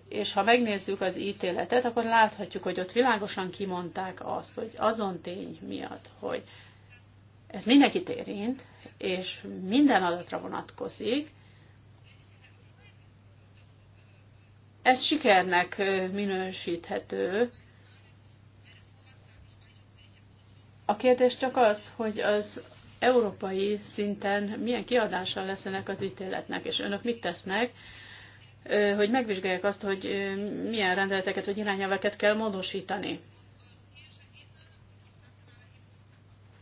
és ha megnézzük az ítéletet, akkor láthatjuk, hogy ott világosan kimondták azt, hogy azon tény miatt, hogy ez mindenkit érint, és minden adatra vonatkozik, ez sikernek minősíthető, A kérdés csak az, hogy az európai szinten milyen kiadással leszenek az ítéletnek, és önök mit tesznek, hogy megvizsgálják azt, hogy milyen rendeleteket vagy irányelveket kell módosítani.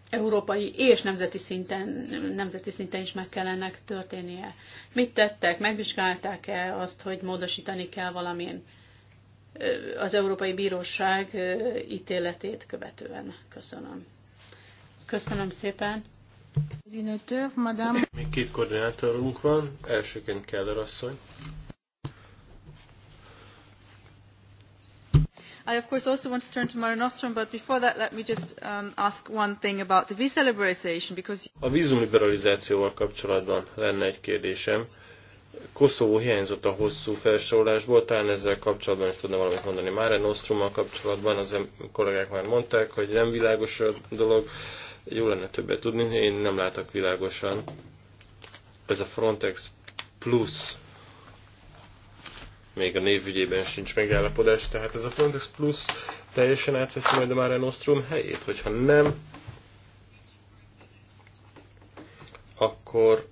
európai és nemzeti szinten, nemzeti szinten is meg kell ennek történnie. Mit tettek? Megvizsgálták-e azt, hogy módosítani kell valamin az Európai Bíróság ítéletét követően? Köszönöm. Köszönöm szépen. Koordinátor, madám. Még két koordinátorunk van, elsőként Keller asszony. I of course also want to turn to Mara Nostrum, but before that let me just um, ask one thing about the visa liberalization, because... A vízumliberalizációval kapcsolatban lenne egy kérdésem. Koszovó hiányzott a hosszú felsorolásból, talán ezzel kapcsolatban is tudna valamit mondani. Mare Nostrummal kapcsolatban az kollégák már mondták, hogy nem világos a dolog. Uh, jó lenne többet tudni, én nem látok világosan. Ez a Frontex Plus még a névügyében sincs megállapodás, tehát ez a Frontex Plus teljesen átveszi majd a Mare Nostrum helyét, hogyha nem, akkor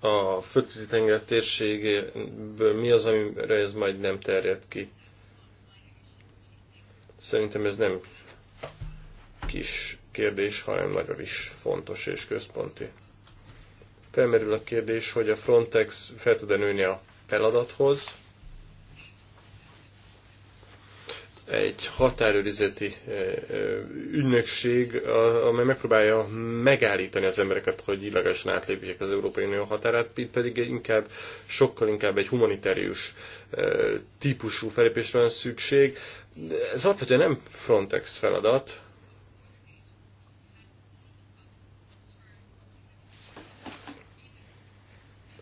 a földközi tenger térségéből mi az, amire ez majd nem terjed ki. Szerintem ez nem kis kérdés, hanem nagyon is fontos és központi. Felmerül a kérdés, hogy a Frontex fel tud-e nőni a feladathoz. Egy határőrizeti eh, eh, ügynökség, amely megpróbálja megállítani az embereket, hogy illegálisan átlépjék az Európai Unió határát, itt pedig inkább, sokkal inkább egy humanitárius eh, típusú felépésre van szükség. Ez alapvetően nem Frontex feladat,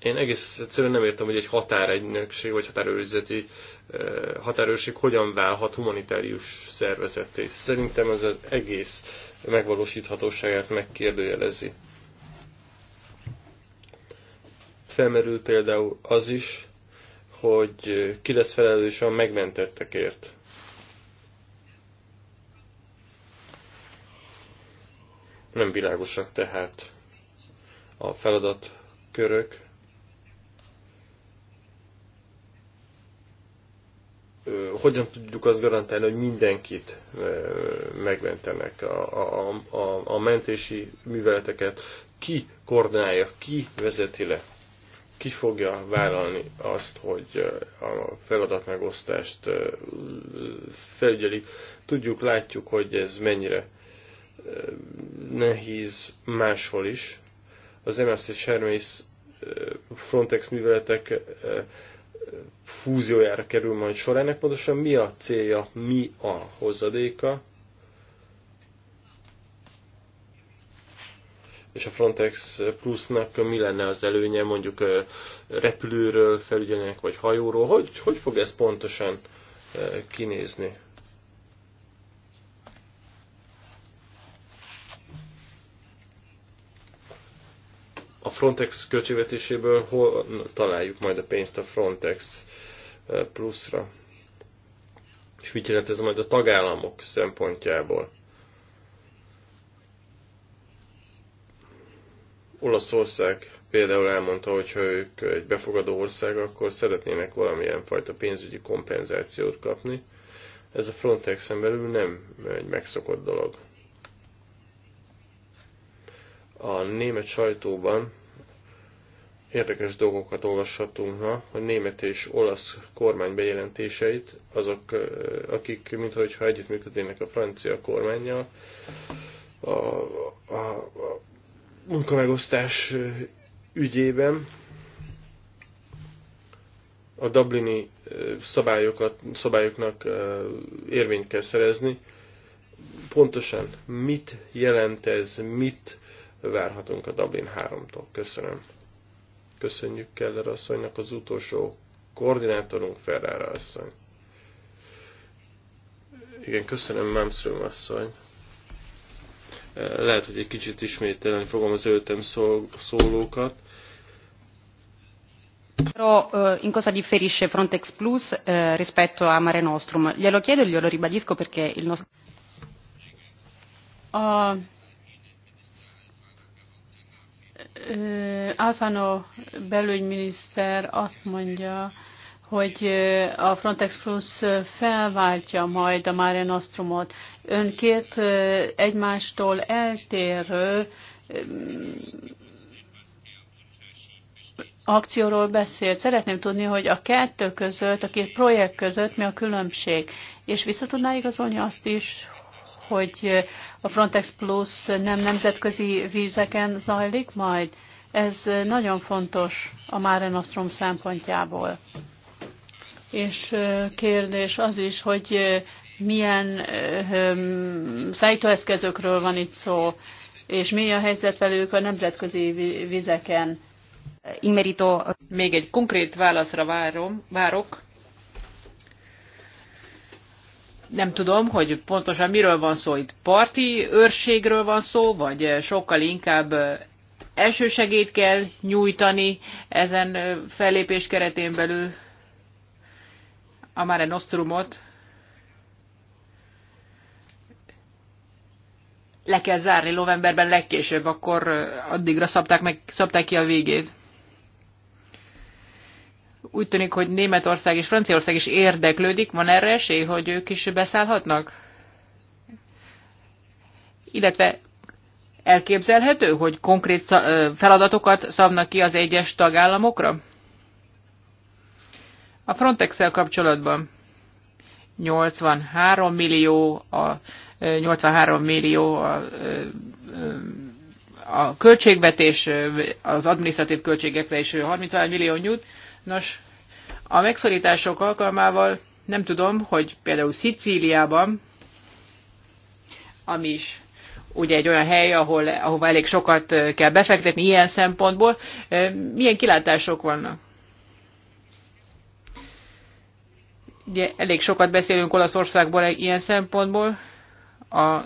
én egész egyszerűen nem értem, hogy egy határegynökség vagy határőrizeti eh, határőrség hogyan válhat humanitárius szervezetté. Szerintem ez az egész megvalósíthatóságát megkérdőjelezi. Felmerül például az is, hogy ki lesz felelős a megmentettekért. Nem világosak tehát a feladatkörök. hogyan tudjuk azt garantálni, hogy mindenkit megmentenek a, a, a, a mentési műveleteket, ki koordinálja, ki vezeti le, ki fogja vállalni azt, hogy a feladatmegosztást felügyeli. Tudjuk, látjuk, hogy ez mennyire nehéz máshol is. Az MSZ és Hermes Frontex műveletek fúziójára kerül majd sor. Ennek pontosan mi a célja, mi a hozadéka, és a Frontex plusznak mi lenne az előnye mondjuk repülőről felügyelnek, vagy hajóról, hogy, hogy fog ez pontosan kinézni? Frontex költségvetéséből hol találjuk majd a pénzt a Frontex eh, pluszra? És mit jelent ez majd a tagállamok szempontjából? Olaszország például elmondta, hogy ha ők egy befogadó ország, akkor szeretnének valamilyen fajta pénzügyi kompenzációt kapni. Ez a Frontex belül nem egy megszokott dolog. A német sajtóban érdekes dolgokat olvashatunk ha a német és olasz kormány bejelentéseit, azok, akik mintha együttműködnének a francia kormányjal. A, a, a munkamegosztás ügyében a dublini szabályokat, szabályoknak érvényt kell szerezni. Pontosan mit jelent ez, mit várhatunk a Dublin 3-tól? Köszönöm. Köszönjük Keller asszonynak az utolsó koordinátorunk Ferrara asszony. Igen, köszönöm Malmström asszony. Lehet, hogy egy kicsit ismételni fogom az öltem szólókat. Però eh, in cosa differisce Frontex Plus eh, rispetto a Mare Nostrum? Glielo chiedo e glielo ribadisco perché il nostro... Ah, Alfano belügyminiszter azt mondja, hogy a Frontex Plus felváltja majd a Mare Nostrumot. Ön két egymástól eltérő akcióról beszélt. Szeretném tudni, hogy a kettő között, a két projekt között mi a különbség. És visszatudná igazolni azt is, hogy a Frontex Plus nem nemzetközi vízeken zajlik majd. Ez nagyon fontos a Mare Nostrum szempontjából. És kérdés az is, hogy milyen szájtóeszközökről van itt szó, és mi a helyzet velük a nemzetközi vizeken. Még egy konkrét válaszra várom, várok nem tudom, hogy pontosan miről van szó itt. Parti őrségről van szó, vagy sokkal inkább elsősegét kell nyújtani ezen fellépés keretén belül a Mare Nostrumot. Le kell zárni novemberben legkésőbb, akkor addigra szabták, meg, szabták ki a végét úgy tűnik, hogy Németország és Franciaország is érdeklődik. Van erre esély, hogy ők is beszállhatnak? Illetve elképzelhető, hogy konkrét feladatokat szabnak ki az egyes tagállamokra? A frontex kapcsolatban 83 millió a 83 millió a, a költségvetés, az adminisztratív költségekre is 30 millió nyújt. Nos, a megszorítások alkalmával nem tudom, hogy például Szicíliában, ami is ugye egy olyan hely, ahol, ahova elég sokat kell befektetni ilyen szempontból, milyen kilátások vannak? Ugye elég sokat beszélünk Olaszországból ilyen szempontból. A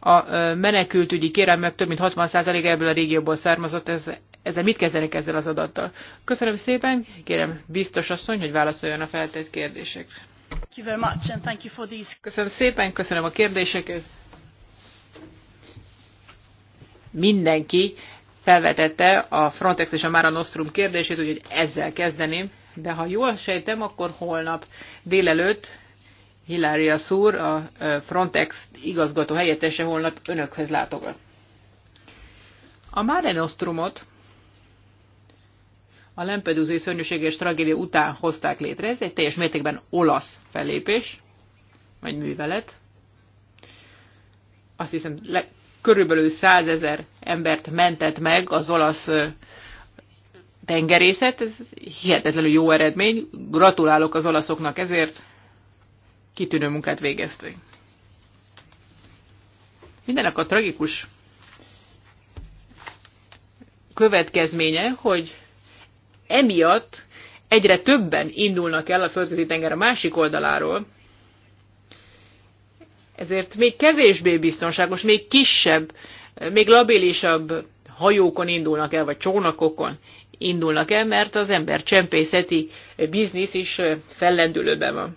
a menekültügyi kérelmek több mint 60% ebből a régióból származott, ez ezzel mit kezdenek ezzel az adattal. Köszönöm szépen, kérem biztos asszony, hogy válaszoljon a feltett kérdésekre. Köszönöm szépen, köszönöm a kérdéseket. Mindenki felvetette a Frontex és a Mara Nostrum kérdését, úgyhogy ezzel kezdeném. De ha jól sejtem, akkor holnap délelőtt Hilária Szúr, a Frontex igazgató helyettese holnap önökhöz látogat. A Mare Nostrumot a szörnyűség és tragédia után hozták létre. Ez egy teljes mértékben olasz fellépés, vagy művelet. Azt hiszem, le, körülbelül százezer embert mentett meg az olasz tengerészet. Ez hihetetlenül jó eredmény. Gratulálok az olaszoknak ezért. Kitűnő munkát végezték. Mindenek a tragikus következménye, hogy emiatt egyre többen indulnak el a földközi tenger a másik oldaláról, ezért még kevésbé biztonságos, még kisebb, még labilisabb hajókon indulnak el, vagy csónakokon indulnak el, mert az ember csempészeti biznisz is fellendülőben van.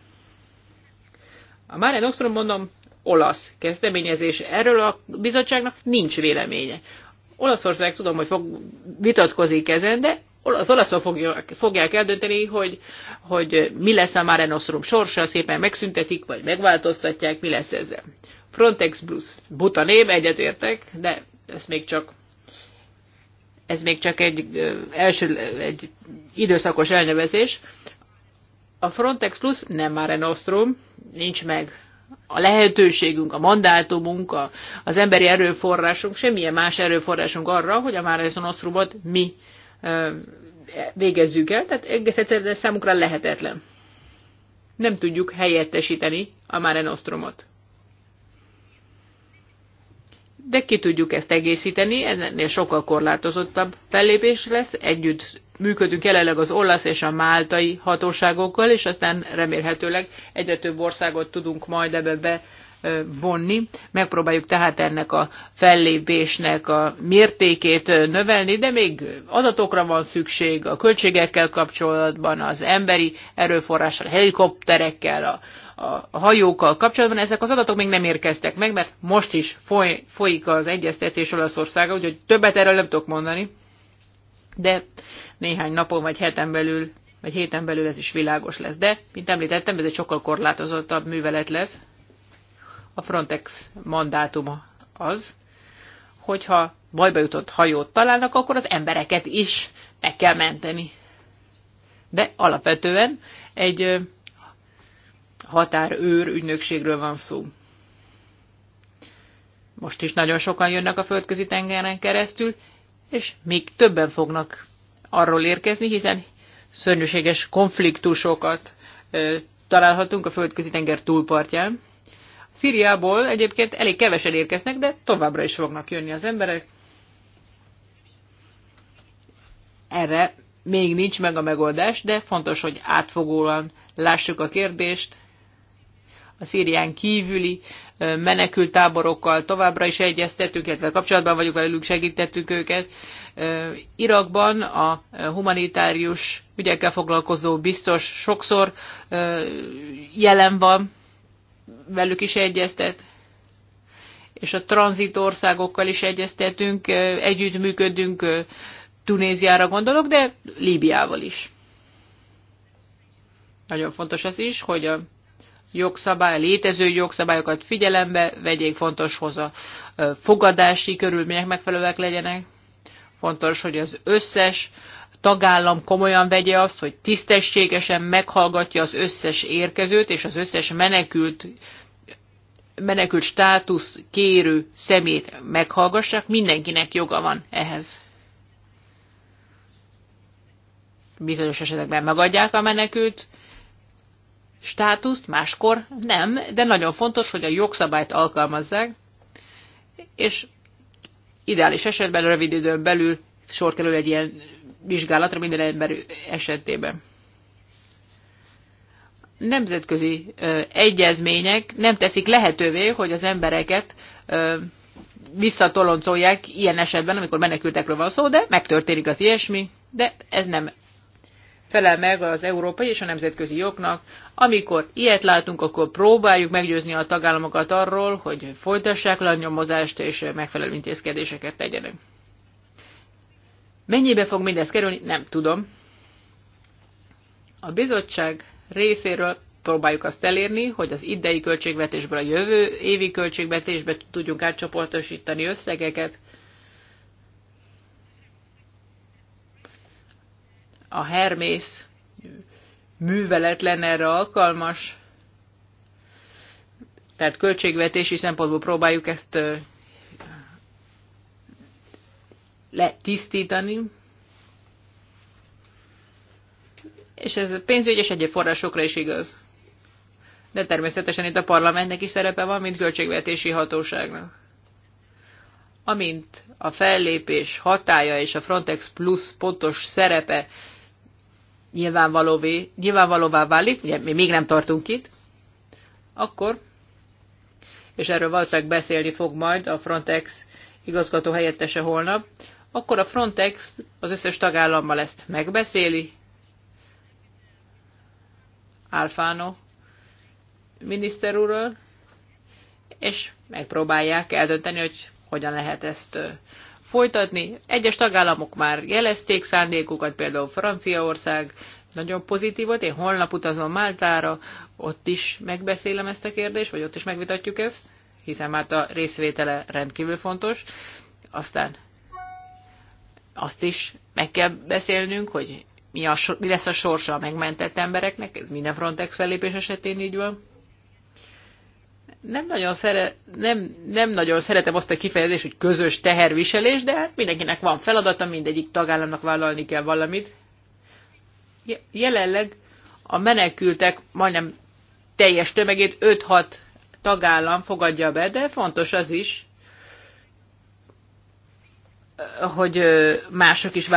A Mare Nostrum, mondom, olasz kezdeményezés. Erről a bizottságnak nincs véleménye. Olaszország tudom, hogy fog, vitatkozik ezen, de az olaszok fogják, fogják eldönteni, hogy, hogy mi lesz a Mare Nostrum sorsa, szépen megszüntetik, vagy megváltoztatják, mi lesz ezzel. Frontex Plus, buta név, egyetértek, de ez még csak ez még csak egy első, egy időszakos elnevezés. A Frontex Plus nem Mare Nostrum, nincs meg a lehetőségünk, a mandátumunk, a, az emberi erőforrásunk, semmilyen más erőforrásunk arra, hogy a Mare Nostrumot mi végezzük el, tehát egész egyszerűen számukra lehetetlen. Nem tudjuk helyettesíteni a Mare Nostromot. De ki tudjuk ezt egészíteni, ennél sokkal korlátozottabb fellépés lesz, együtt működünk jelenleg az olasz és a máltai hatóságokkal, és aztán remélhetőleg egyre több országot tudunk majd ebbe vonni. Megpróbáljuk tehát ennek a fellépésnek a mértékét növelni, de még adatokra van szükség a költségekkel kapcsolatban, az emberi erőforrással, a helikopterekkel, a, a hajókkal kapcsolatban. Ezek az adatok még nem érkeztek meg, mert most is foly, folyik az egyeztetés Olaszországa, úgyhogy többet erről nem tudok mondani. De néhány napon vagy heten belül, vagy héten belül ez is világos lesz. De, mint említettem, ez egy sokkal korlátozottabb művelet lesz, a Frontex mandátuma az, hogyha bajba jutott hajót találnak, akkor az embereket is meg kell menteni. De alapvetően egy határőr ügynökségről van szó. Most is nagyon sokan jönnek a földközi tengeren keresztül, és még többen fognak arról érkezni, hiszen szörnyűséges konfliktusokat ö, találhatunk a földközi tenger túlpartján. Szíriából egyébként elég kevesen érkeznek, de továbbra is fognak jönni az emberek. Erre még nincs meg a megoldás, de fontos, hogy átfogóan lássuk a kérdést. A Szírián kívüli menekült táborokkal továbbra is egyeztettük, illetve kapcsolatban vagyunk velük, segítettük őket. Irakban a humanitárius ügyekkel foglalkozó biztos sokszor jelen van, velük is egyeztet, és a tranzit országokkal is egyeztetünk, együttműködünk, Tunéziára gondolok, de Líbiával is. Nagyon fontos az is, hogy a jogszabály, létező jogszabályokat figyelembe vegyék, fontos, hogy a fogadási körülmények megfelelőek legyenek, fontos, hogy az összes tagállam komolyan vegye azt, hogy tisztességesen meghallgatja az összes érkezőt és az összes menekült menekült státusz kérő szemét meghallgassák, mindenkinek joga van ehhez. Bizonyos esetekben megadják a menekült státuszt, máskor nem, de nagyon fontos, hogy a jogszabályt alkalmazzák, és ideális esetben rövid időn belül sor kerül egy ilyen vizsgálatra minden ember esetében. Nemzetközi ö, egyezmények nem teszik lehetővé, hogy az embereket ö, visszatoloncolják ilyen esetben, amikor menekültekről van szó, de megtörténik az ilyesmi, de ez nem felel meg az európai és a nemzetközi jognak. Amikor ilyet látunk, akkor próbáljuk meggyőzni a tagállamokat arról, hogy folytassák le a nyomozást és megfelelő intézkedéseket tegyenek. Mennyibe fog mindez kerülni? Nem tudom. A bizottság részéről próbáljuk azt elérni, hogy az idei költségvetésből a jövő évi költségvetésbe tudjunk átcsoportosítani összegeket. A Hermész lenne erre alkalmas, tehát költségvetési szempontból próbáljuk ezt letisztítani, és ez pénzügy és egyéb forrásokra is igaz. De természetesen itt a parlamentnek is szerepe van, mint költségvetési hatóságnak. Amint a fellépés hatája és a Frontex Plus pontos szerepe nyilvánvalóvé, nyilvánvalóvá válik, ugye mi még nem tartunk itt, akkor, és erről valószínűleg beszélni fog majd a Frontex igazgató helyettese holnap, akkor a Frontex az összes tagállammal ezt megbeszéli. Alfano miniszter úrral, és megpróbálják eldönteni, hogy hogyan lehet ezt folytatni. Egyes tagállamok már jelezték szándékukat, például Franciaország nagyon pozitív volt. Én holnap utazom Máltára, ott is megbeszélem ezt a kérdést, vagy ott is megvitatjuk ezt, hiszen már a részvétele rendkívül fontos. Aztán azt is meg kell beszélnünk, hogy mi, a, mi lesz a sorsa a megmentett embereknek, ez minden Frontex fellépés esetén így van. Nem nagyon, szere, nem, nem nagyon szeretem azt a kifejezést, hogy közös teherviselés, de hát mindenkinek van feladata, mindegyik tagállamnak vállalni kell valamit. Jelenleg a menekültek majdnem teljes tömegét 5-6 tagállam fogadja be, de fontos az is, hogy mások is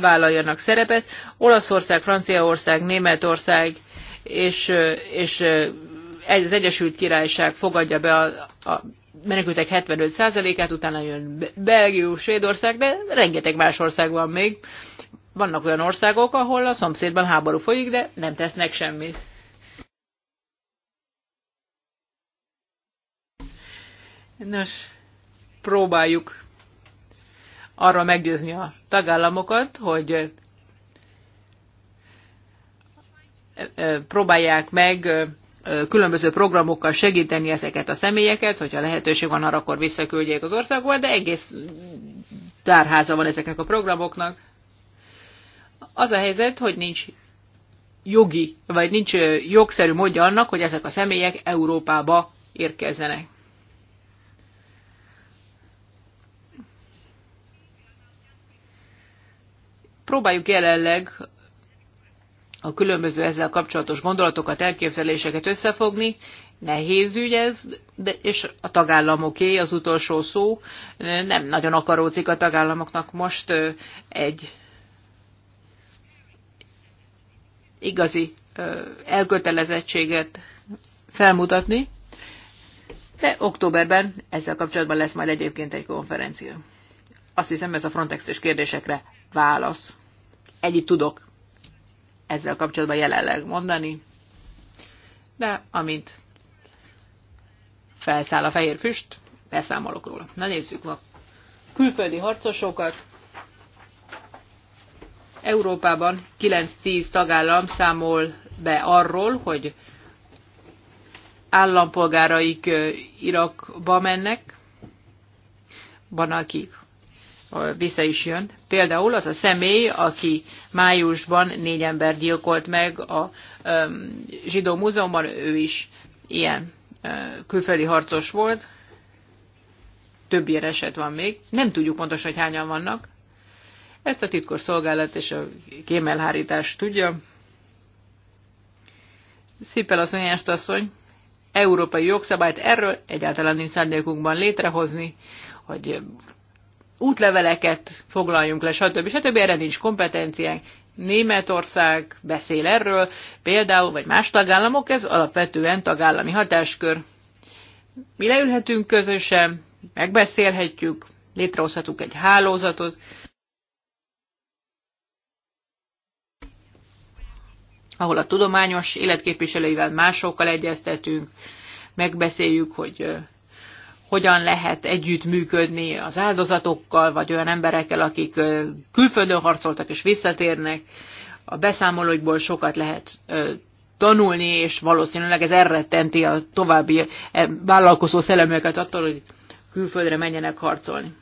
vállaljanak szerepet. Olaszország, Franciaország, Németország és, és az Egyesült Királyság fogadja be a, a menekültek 75%-át, utána jön Belgium, Svédország, de rengeteg más ország van még. Vannak olyan országok, ahol a szomszédban háború folyik, de nem tesznek semmit. Nos, próbáljuk arra meggyőzni a tagállamokat, hogy próbálják meg különböző programokkal segíteni ezeket a személyeket, hogyha lehetőség van arra, akkor visszaküldjék az országba, de egész tárháza van ezeknek a programoknak. Az a helyzet, hogy nincs jogi, vagy nincs jogszerű módja annak, hogy ezek a személyek Európába érkezzenek. Próbáljuk jelenleg a különböző ezzel kapcsolatos gondolatokat, elképzeléseket összefogni. Nehéz ügy ez, de, és a tagállamoké az utolsó szó. Nem nagyon akarózik a tagállamoknak most egy igazi elkötelezettséget felmutatni, de októberben ezzel kapcsolatban lesz majd egyébként egy konferencia. Azt hiszem ez a Frontex-es kérdésekre válasz. Ennyit tudok ezzel kapcsolatban jelenleg mondani, de amint felszáll a fehér füst, beszámolok róla. Na nézzük a Külföldi harcosokat. Európában 9-10 tagállam számol be arról, hogy állampolgáraik Irakba mennek, van, aki vissza is jön. Például az a személy, aki májusban négy ember gyilkolt meg a zsidó múzeumban, ő is ilyen külföldi harcos volt. Több ilyen eset van még. Nem tudjuk pontosan, hogy hányan vannak. Ezt a titkos szolgálat és a kémelhárítás tudja. Szipel az Ernst asszony, európai jogszabályt erről egyáltalán nincs szándékunkban létrehozni, hogy útleveleket foglaljunk le, stb. stb. Erre nincs kompetenciánk. Németország beszél erről, például, vagy más tagállamok, ez alapvetően tagállami hatáskör. Mi leülhetünk közösen, megbeszélhetjük, létrehozhatunk egy hálózatot. ahol a tudományos életképviselőivel másokkal egyeztetünk, megbeszéljük, hogy hogyan lehet együttműködni az áldozatokkal, vagy olyan emberekkel, akik külföldön harcoltak és visszatérnek. A beszámolókból sokat lehet tanulni, és valószínűleg ez elrettenti a további e, vállalkozó szellemeket attól, hogy külföldre menjenek harcolni.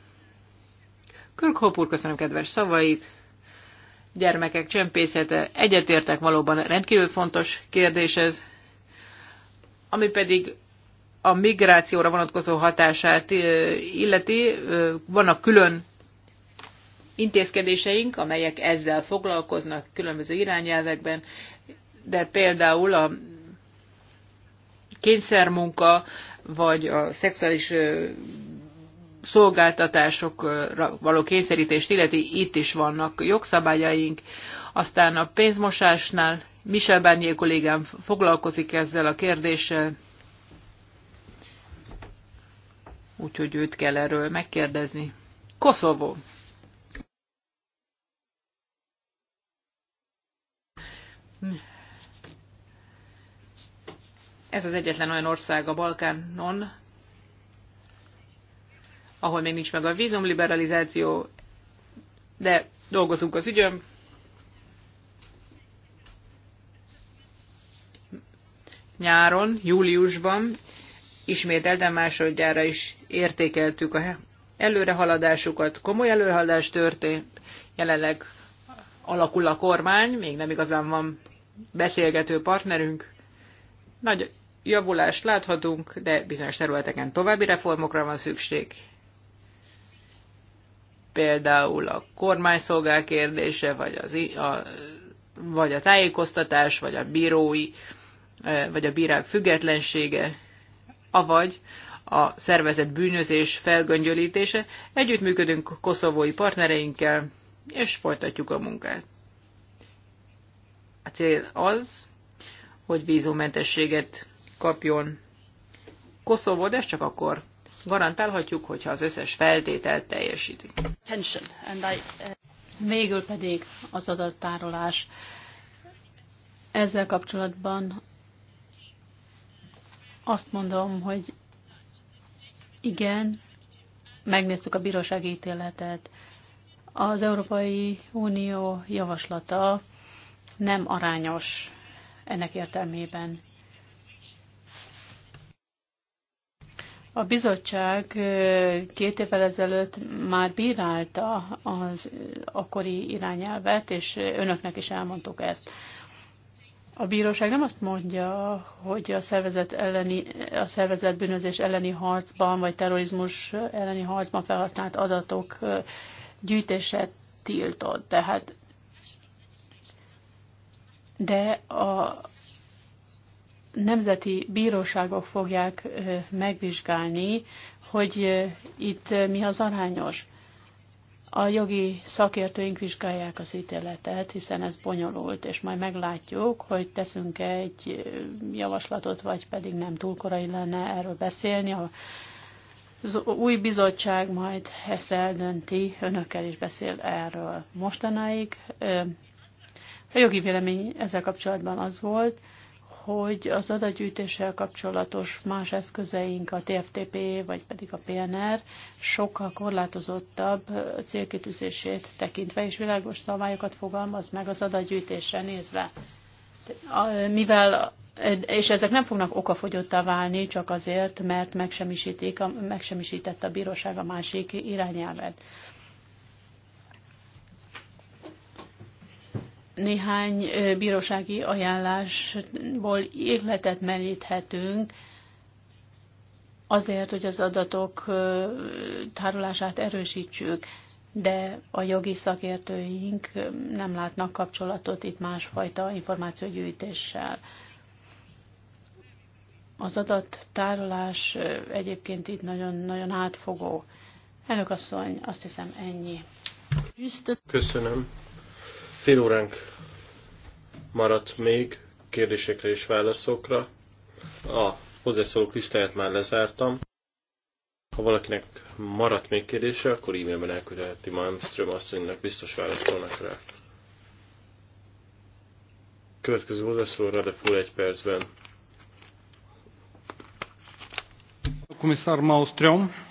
Kirkhope úr, köszönöm kedves szavait. Gyermekek csempészete, egyetértek valóban rendkívül fontos kérdés ez, ami pedig a migrációra vonatkozó hatását illeti, vannak külön intézkedéseink, amelyek ezzel foglalkoznak különböző irányelvekben, de például a kényszermunka, vagy a szexuális szolgáltatásokra való kényszerítést illeti, itt is vannak jogszabályaink. Aztán a pénzmosásnál Michel Barnier kollégám foglalkozik ezzel a kérdéssel, úgyhogy őt kell erről megkérdezni. Koszovó. Ez az egyetlen olyan ország a Balkánon, ahol még nincs meg a vízumliberalizáció, de dolgozunk az ügyön. Nyáron, júliusban ismét Elden másodjára is értékeltük a előrehaladásukat. Komoly előrehaladás történt, jelenleg alakul a kormány, még nem igazán van beszélgető partnerünk. Nagy javulást láthatunk, de bizonyos területeken további reformokra van szükség. Például a kormányszolgál kérdése, vagy, az, a, vagy a tájékoztatás, vagy a bírói, eh, vagy a bírák függetlensége avagy a szervezett bűnözés felgöngyölítése. Együttműködünk koszovói partnereinkkel, és folytatjuk a munkát. A cél az, hogy vízumentességet kapjon Koszovó, de csak akkor garantálhatjuk, hogyha az összes feltételt teljesíti. Uh, Végül pedig az adattárolás. Ezzel kapcsolatban azt mondom, hogy igen, megnéztük a bírósági ítéletet. Az Európai Unió javaslata nem arányos ennek értelmében. A bizottság két évvel ezelőtt már bírálta az akkori irányelvet, és önöknek is elmondtuk ezt. A bíróság nem azt mondja, hogy a szervezet, elleni, a szervezet bűnözés elleni harcban, vagy terrorizmus elleni harcban felhasznált adatok gyűjtése tiltott. Tehát de a nemzeti bíróságok fogják megvizsgálni, hogy itt mi az arányos. A jogi szakértőink vizsgálják az ítéletet, hiszen ez bonyolult, és majd meglátjuk, hogy teszünk -e egy javaslatot, vagy pedig nem túl korai lenne erről beszélni. Az új bizottság majd ezt eldönti, önökkel is beszél erről. Mostanáig a jogi vélemény ezzel kapcsolatban az volt, hogy az adatgyűjtéssel kapcsolatos más eszközeink, a TFTP vagy pedig a PNR sokkal korlátozottabb célkitűzését tekintve és világos szabályokat fogalmaz meg az adatgyűjtésre nézve. Mivel és ezek nem fognak okafogyottá válni csak azért, mert megsemmisítik, megsemmisített a bíróság a másik irányelvet. néhány bírósági ajánlásból életet meríthetünk, azért, hogy az adatok tárolását erősítsük, de a jogi szakértőink nem látnak kapcsolatot itt másfajta információgyűjtéssel. Az adattárolás egyébként itt nagyon-nagyon átfogó. Elnök asszony, azt hiszem ennyi. Köszönöm. Fél óránk maradt még kérdésekre és válaszokra. A hozzászólók listáját már lezártam. Ha valakinek maradt még kérdése, akkor e-mailben elküldheti Malmström asszonynak, biztos válaszolnak rá. Következő hozzászóló full egy percben. Komisár Malmström,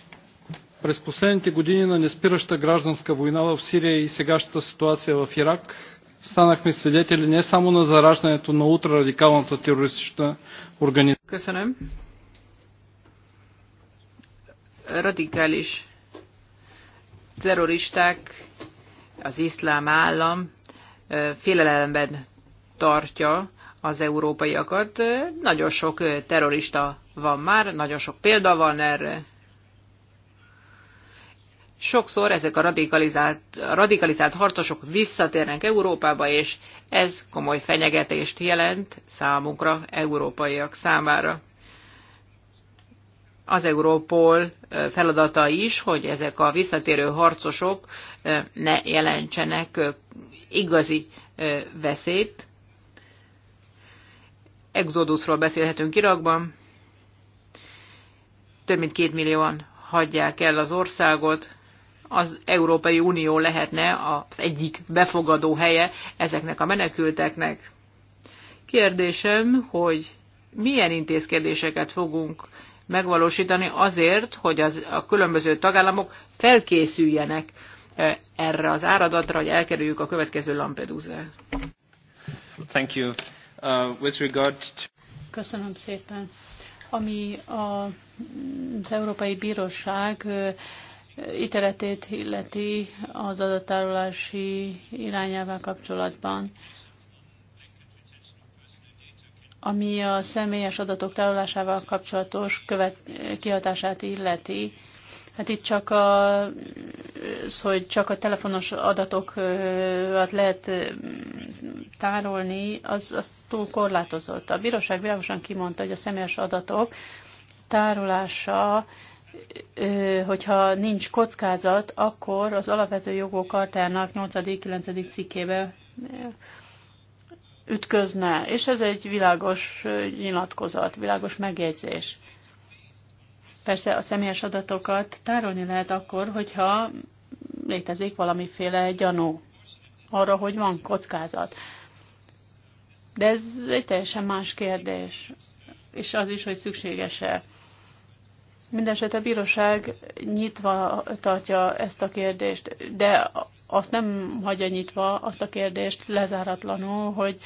През последните години на неспираща гражданска война в Сирия и сегашната ситуация в Ирак станахме свидетели не само на зараждането на ултрарадикалната терористична организация. Köszönöm. Radikális terroristák, az iszlám állam félelemben tartja az európaiakat. Nagyon sok terrorista van már, nagyon sok példa van erre sokszor ezek a radikalizált, radikalizált harcosok visszatérnek Európába, és ez komoly fenyegetést jelent számunkra, európaiak számára. Az Európol feladata is, hogy ezek a visszatérő harcosok ne jelentsenek igazi veszélyt. Exodusról beszélhetünk Irakban. Több mint két millióan hagyják el az országot, az Európai Unió lehetne az egyik befogadó helye ezeknek a menekülteknek. Kérdésem, hogy milyen intézkedéseket fogunk megvalósítani azért, hogy az, a különböző tagállamok felkészüljenek e, erre az áradatra, hogy elkerüljük a következő lampedusa Thank you. Uh, with regard to... Köszönöm szépen. Ami a, az Európai Bíróság ítéletét illeti az adattárolási irányával kapcsolatban. Ami a személyes adatok tárolásával kapcsolatos követ, kihatását illeti, hát itt csak a, hogy csak a telefonos adatokat lehet tárolni, az, az túl korlátozott. A bíróság világosan kimondta, hogy a személyes adatok tárolása hogyha nincs kockázat, akkor az alapvető jogok kartának 8.-9. cikkébe ütközne. És ez egy világos nyilatkozat, világos megjegyzés. Persze a személyes adatokat tárolni lehet akkor, hogyha létezik valamiféle gyanú arra, hogy van kockázat. De ez egy teljesen más kérdés, és az is, hogy szükséges-e Mindenesetre a bíróság nyitva tartja ezt a kérdést, de azt nem hagyja nyitva azt a kérdést lezáratlanul, hogy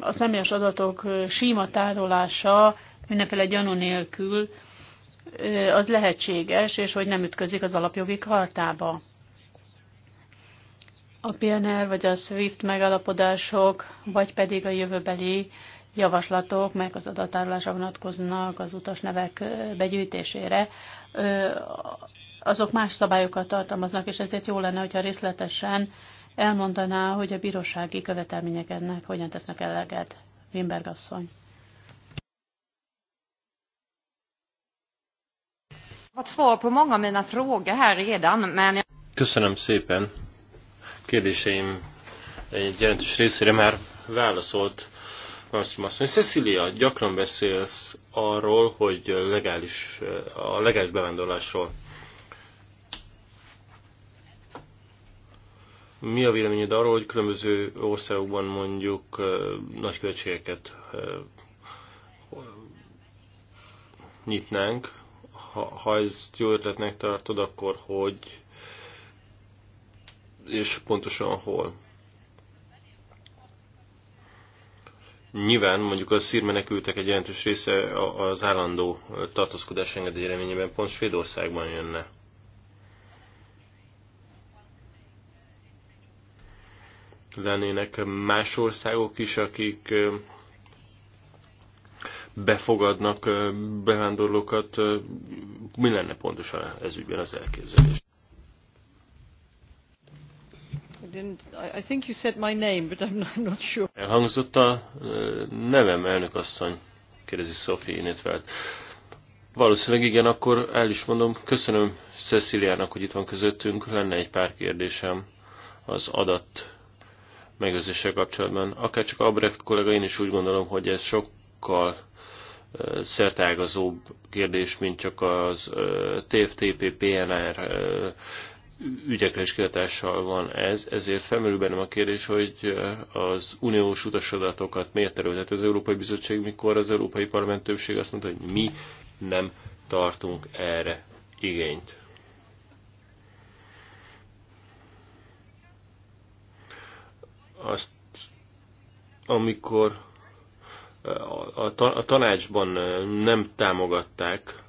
a személyes adatok síma tárolása mindenféle gyanú nélkül az lehetséges, és hogy nem ütközik az alapjogi kartába. A PNR vagy a SWIFT megalapodások, vagy pedig a jövőbeli javaslatok, meg az adatárolásra vonatkoznak az utas nevek begyűjtésére, azok más szabályokat tartalmaznak, és ezért jó lenne, hogyha részletesen elmondaná, hogy a bírósági követelmények ennek hogyan tesznek eleget. Wimberg asszony. Köszönöm szépen. Kérdéseim egy jelentős részére már válaszolt mondja, Cecilia, gyakran beszélsz arról, hogy legális, a legális bevándorlásról. Mi a véleményed arról, hogy különböző országokban mondjuk nagy költségeket nyitnánk? Ha, ha ezt jó ötletnek tartod, akkor hogy és pontosan hol? Nyilván mondjuk a menekültek egy jelentős része az állandó tartózkodás engedélyeményében pont Svédországban jönne. Lennének más országok is, akik befogadnak bevándorlókat. Mi lenne pontosan ez ügyben az elképzelés? I think you said my name, but I'm not, sure. Elhangzott a nevem, elnök asszony, kérdezi Sophie Inetveld. Valószínűleg igen, akkor el is mondom, köszönöm Ceciliának, hogy itt van közöttünk. Lenne egy pár kérdésem az adat megőrzéssel kapcsolatban. Akár csak Abrecht kollega, én is úgy gondolom, hogy ez sokkal szertágazóbb kérdés, mint csak az TFTP, PNR ügyekre is kihatással van ez, ezért felmerül bennem a kérdés, hogy az uniós utasadatokat miért terülhet az Európai Bizottság, mikor az Európai Parlament többség azt mondta, hogy mi nem tartunk erre igényt. Azt, amikor a tanácsban nem támogatták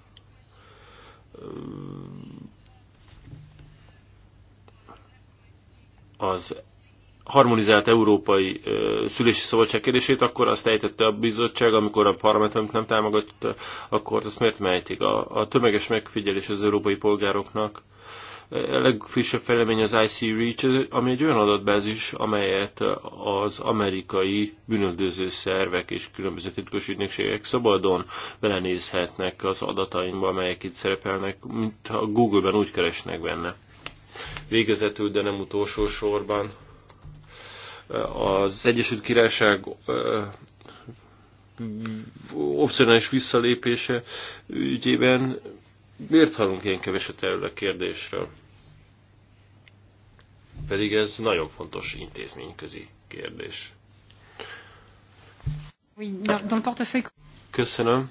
az harmonizált európai szülési szabadság kérdését, akkor azt ejtette a bizottság, amikor a parlament nem támogatta, akkor azt miért mejtik? A, a tömeges megfigyelés az európai polgároknak a legfrissebb fejlemény az IC Reach, ami egy olyan adatbázis, amelyet az amerikai bűnöldöző szervek és különböző titkos ügynökségek szabadon belenézhetnek az adatainkba, amelyek itt szerepelnek, mint a Google-ben úgy keresnek benne. Végezetül, de nem utolsó sorban, az Egyesült Királyság opcionális visszalépése ügyében miért hallunk ilyen keveset erről a kérdésről? Pedig ez nagyon fontos intézményközi kérdés. Köszönöm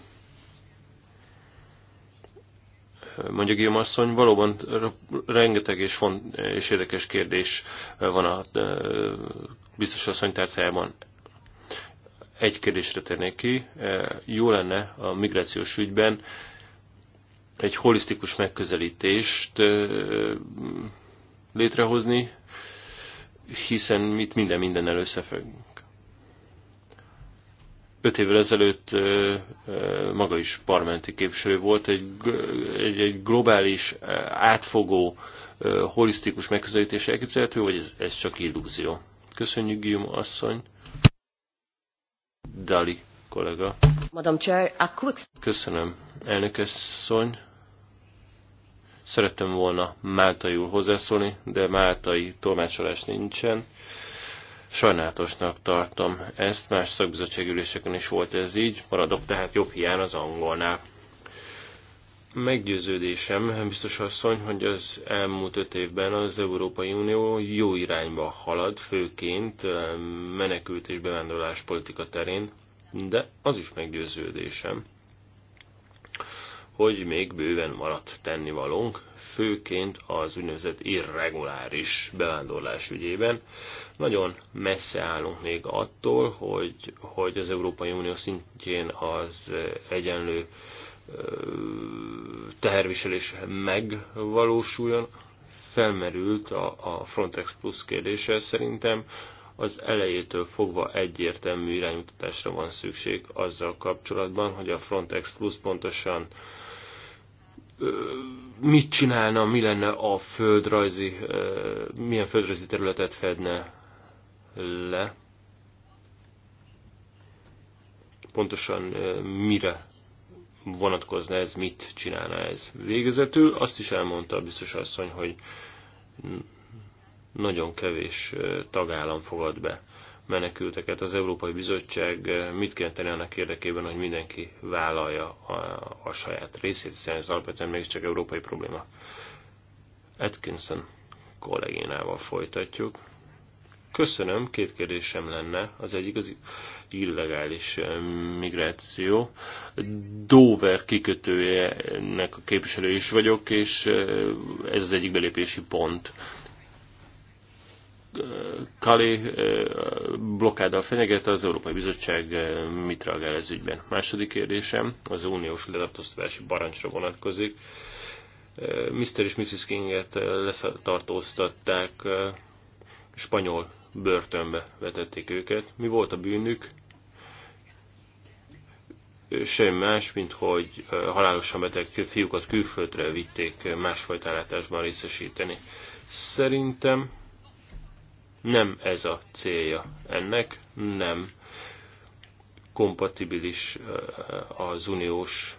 mondja Guillaume asszony, valóban rengeteg és, font, és érdekes kérdés van a biztos asszony tárcájában. Egy kérdésre térnék ki. Jó lenne a migrációs ügyben egy holisztikus megközelítést létrehozni, hiszen itt minden mindennel összefügg. Öt évvel ezelőtt maga is parlamenti képviselő volt, egy, egy, egy globális, átfogó, holisztikus megközelítés elképzelhető, vagy ez, ez csak illúzió? Köszönjük, Guillaume asszony. Dali kollega. Madam Chair, a quick... Köszönöm, elnök asszony. Szerettem volna Máltaiul hozzászólni, de Máltai tolmácsolás nincsen. Sajnálatosnak tartom ezt, más szakbizottságüléseken is volt ez így, maradok tehát jobb hiány az angolnál. Meggyőződésem, biztos asszony, hogy az elmúlt öt évben az Európai Unió jó irányba halad, főként menekült és bevándorlás politika terén, de az is meggyőződésem, hogy még bőven maradt tennivalónk, főként az úgynevezett irreguláris bevándorlás ügyében. Nagyon messze állunk még attól, hogy, hogy az Európai Unió szintjén az egyenlő teherviselés megvalósuljon. Felmerült a, a Frontex Plus kérdése szerintem, az elejétől fogva egyértelmű irányutatásra van szükség azzal kapcsolatban, hogy a Frontex Plus pontosan uh, mit csinálna, mi lenne a földrajzi, milyen földrajzi területet fedne le, pontosan mire vonatkozna ez, mit csinálna ez. Végezetül azt is elmondta a biztos asszony, hogy nagyon kevés tagállam fogad be menekülteket. Az Európai Bizottság eh, mit kell tenni annak érdekében, hogy mindenki vállalja a, a saját részét, hiszen ez alapvetően mégiscsak európai probléma. Atkinson kollégénával folytatjuk. Köszönöm, két kérdésem lenne. Az egyik az illegális eh, migráció. Dover kikötőjének a képviselő is vagyok, és eh, ez az egyik belépési pont Kali eh, blokkáddal fenyegette az Európai Bizottság eh, mit reagál ez ügyben? Második kérdésem az uniós letartóztatási barancsra vonatkozik. Eh, Mr. és Mrs. Kinget leszartóztatták, spanyol börtönbe vetették őket. Mi volt a bűnük? Semmi más, mint hogy halálosan beteg fiúkat külföldre vitték másfajta ellátásban részesíteni. Szerintem nem ez a célja ennek, nem kompatibilis eh, az uniós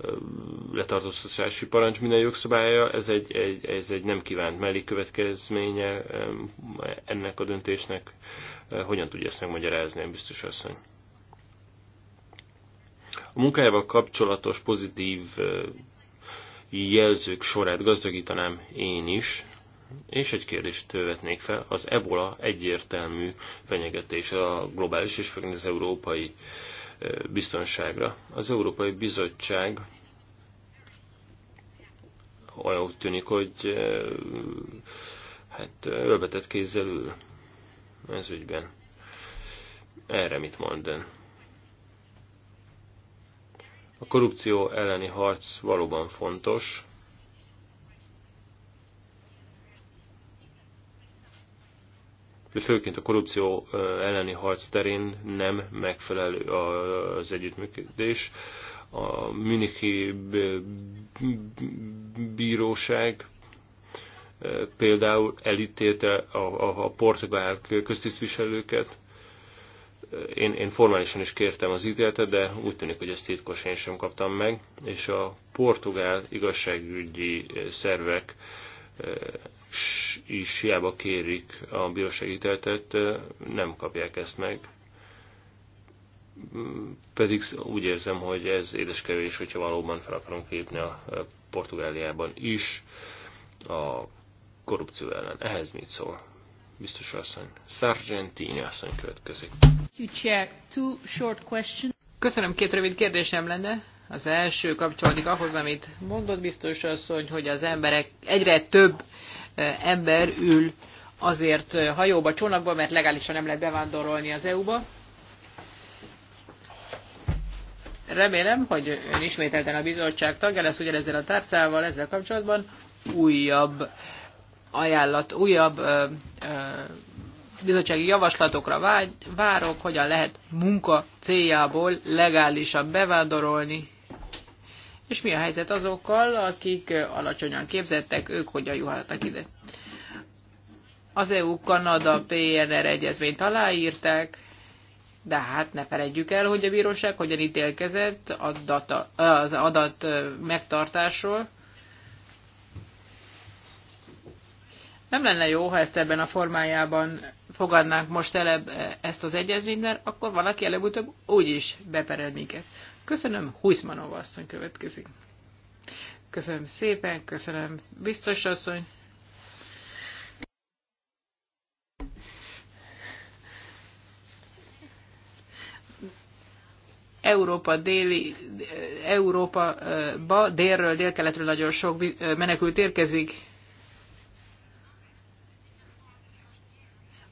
eh, letartóztatási parancs minden jogszabálya, ez egy, egy, ez egy nem kívánt mellékövetkezménye eh, ennek a döntésnek. Hogyan tudja ezt megmagyarázni, én biztos asszony? A munkájával kapcsolatos pozitív jelzők sorát gazdagítanám én is. És egy kérdést vetnék fel, az ebola egyértelmű fenyegetés a globális és főleg az európai biztonságra. Az Európai Bizottság olyan úgy tűnik, hogy hát ölbetett kézzel ül ez ügyben. Erre mit mondan? A korrupció elleni harc valóban fontos, főként a korrupció elleni harc terén nem megfelelő az együttműködés. A Münichi bíróság például elítélte a, a, a portugál köztisztviselőket. Én, én formálisan is kértem az ítéletet, de úgy tűnik, hogy ezt titkos én sem kaptam meg, és a portugál igazságügyi szervek is hiába kérik a bírósági nem kapják ezt meg. Mm, pedig úgy érzem, hogy ez édeskevés, hogyha valóban fel akarunk lépni a Portugáliában is a korrupció ellen. Ehhez mit szól? Biztos asszony. Sargentini asszony következik. Köszönöm, két rövid kérdésem lenne. Az első kapcsolódik ahhoz, amit mondott biztos asszony, hogy az emberek egyre több ember ül azért hajóba, csónakba, mert legálisan nem lehet bevándorolni az EU-ba. Remélem, hogy ön ismételten a bizottság tagja lesz ezzel a tárcával, ezzel kapcsolatban újabb ajánlat, újabb ö, ö, bizottsági javaslatokra vágy, várok, hogyan lehet munka céljából legálisan bevándorolni és mi a helyzet azokkal, akik alacsonyan képzettek, ők hogyan juhaltak ide. Az EU-Kanada PNR egyezményt aláírták, de hát ne feledjük el, hogy a bíróság hogyan ítélkezett data, az adat megtartásról. Nem lenne jó, ha ezt ebben a formájában fogadnánk most el ezt az egyezményt, mert akkor valaki előbb-utóbb úgyis beperel minket. Köszönöm, Huizmanova asszony következik. Köszönöm szépen, köszönöm, biztos asszony. Európa déli, Európa ba, eh, délről, délkeletről nagyon sok eh, menekült érkezik.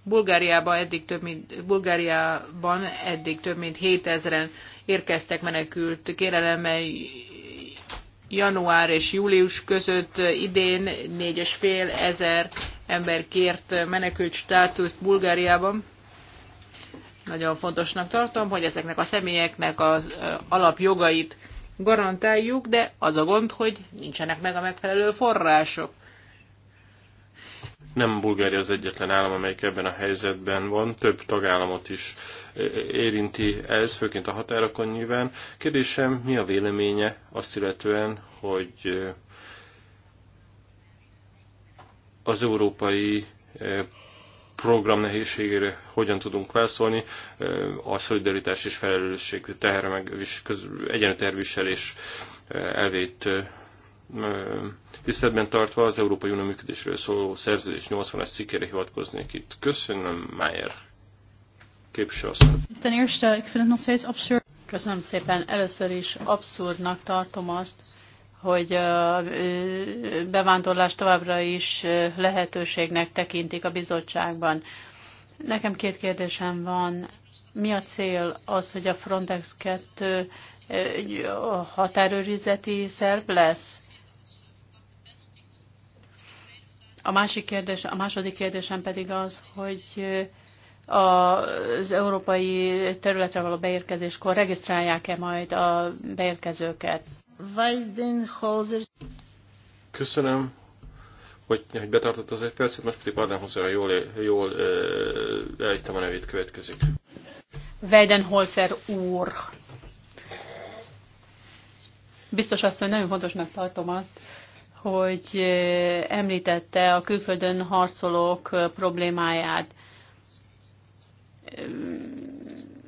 Bulgáriában eddig több mint, Bulgáriában eddig több mint 7000-en érkeztek menekült kérelemei január és július között idén 4,5 ezer ember kért menekült státuszt Bulgáriában. Nagyon fontosnak tartom, hogy ezeknek a személyeknek az alapjogait garantáljuk, de az a gond, hogy nincsenek meg a megfelelő források. Nem Bulgária az egyetlen állam, amelyik ebben a helyzetben van, több tagállamot is e, e, érinti ez, főként a határokon nyilván. Kérdésem, mi a véleménye azt illetően, hogy e, az európai program nehézségére hogyan tudunk válaszolni, a szolidaritás és felelősség teher meg egyenlő terviselés elvét tiszteletben tartva az Európai Unió működésről szóló szerződés 80-as cikkére hivatkoznék itt. Köszönöm, Mayer Köszönöm szépen. Először is abszurdnak tartom azt, hogy a bevándorlás továbbra is lehetőségnek tekintik a bizottságban. Nekem két kérdésem van. Mi a cél az, hogy a Frontex 2 határőrizeti szerv lesz? A másik kérdés, a második kérdésem pedig az, hogy az európai területre való beérkezéskor regisztrálják-e majd a beérkezőket? Köszönöm, hogy, hogy betartott az egy percet, most pedig Adán Hosszera jól, jól elhittem a nevét, következik. Weidenholzer úr. Biztos azt, hogy nagyon fontosnak tartom azt, hogy eh, említette a külföldön harcolók eh, problémáját.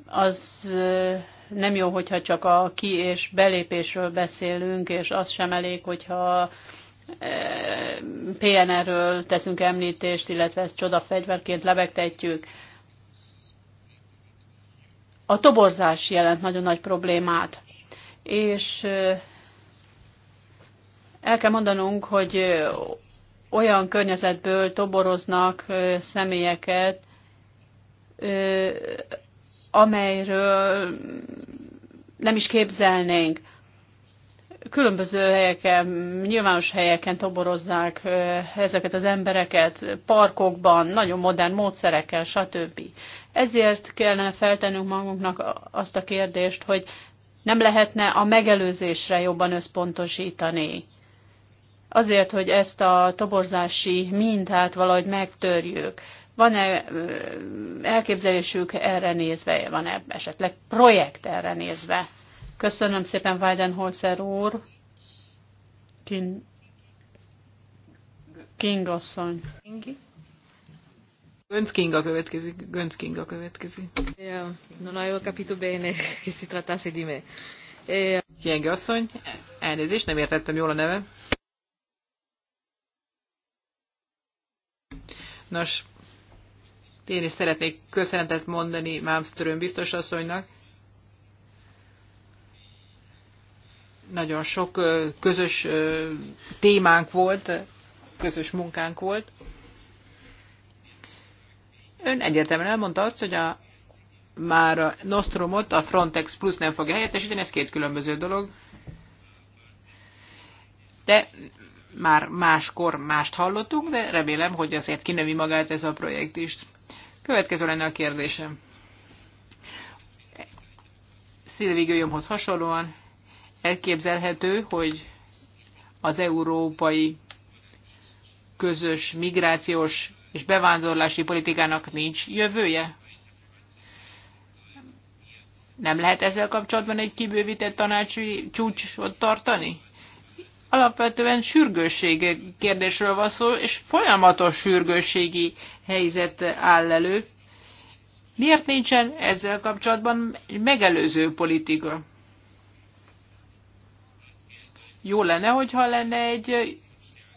Az eh, nem jó, hogyha csak a ki- és belépésről beszélünk, és az sem elég, hogyha PNR-ről teszünk említést, illetve ezt csodafegyverként lebegtetjük. A toborzás jelent nagyon nagy problémát, és el kell mondanunk, hogy olyan környezetből toboroznak személyeket, amelyről nem is képzelnénk. Különböző helyeken, nyilvános helyeken toborozzák ezeket az embereket, parkokban, nagyon modern módszerekkel, stb. Ezért kellene feltennünk magunknak azt a kérdést, hogy nem lehetne a megelőzésre jobban összpontosítani azért, hogy ezt a toborzási mintát valahogy megtörjük. Van-e elképzelésük erre nézve, van-e esetleg projekt erre nézve? Köszönöm szépen, Weidenholzer úr. Kin... King asszony. Gönc King a következik. Gönc a következik. Yeah, non avevo capito bene che si trattasse di me. Eh, Kienge asszony, elnézést, nem értettem jól a nevem. Nos, én is szeretnék köszönetet mondani Malmström biztos asszonynak. Nagyon sok közös témánk volt, közös munkánk volt. Ön egyértelműen elmondta azt, hogy a már a Nostromot a Frontex Plus nem fogja helyettesíteni, ez két különböző dolog. De már máskor mást hallottunk, de remélem, hogy azért kinövi magát ez a projekt is. Következő lenne a kérdésem. Szilvi Gölyömhoz hasonlóan elképzelhető, hogy az európai közös migrációs és bevándorlási politikának nincs jövője? Nem lehet ezzel kapcsolatban egy kibővített tanácsi csúcsot tartani? alapvetően sürgősség kérdésről van szó, és folyamatos sürgősségi helyzet áll elő. Miért nincsen ezzel kapcsolatban megelőző politika? Jó lenne, hogyha lenne egy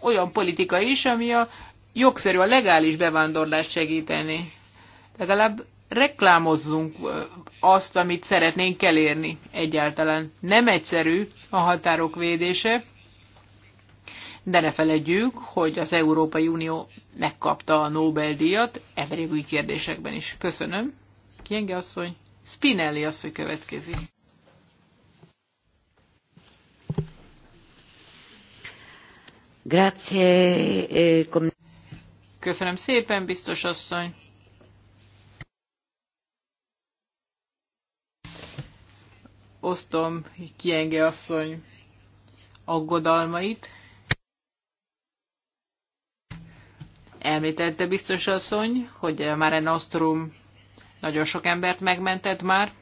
olyan politika is, ami a jogszerű, a legális bevándorlást segíteni. Legalább reklámozzunk azt, amit szeretnénk elérni egyáltalán. Nem egyszerű a határok védése, de ne feledjük, hogy az Európai Unió megkapta a Nobel-díjat emberi kérdésekben is. Köszönöm. Kienge asszony, Spinelli asszony következik. Grazie. Eh, Köszönöm szépen, biztos asszony. Osztom Kienge asszony aggodalmait. Említette biztos asszony, hogy már egy Nostrum nagyon sok embert megmentett már.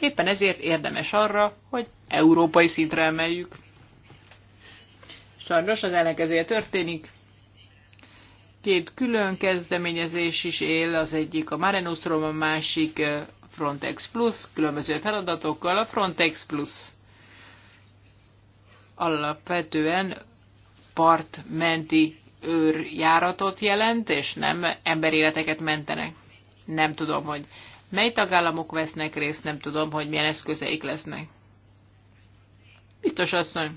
Éppen ezért érdemes arra, hogy európai szintre emeljük. Sajnos az ellenkezője történik. Két külön kezdeményezés is él, az egyik a Mare Nostrum, a másik eh, Frontex Plus, különböző feladatokkal. A Frontex Plus alapvetően partmenti őrjáratot jelent, és nem emberéleteket mentenek. Nem tudom, hogy mely tagállamok vesznek részt, nem tudom, hogy milyen eszközeik lesznek. Biztos asszony,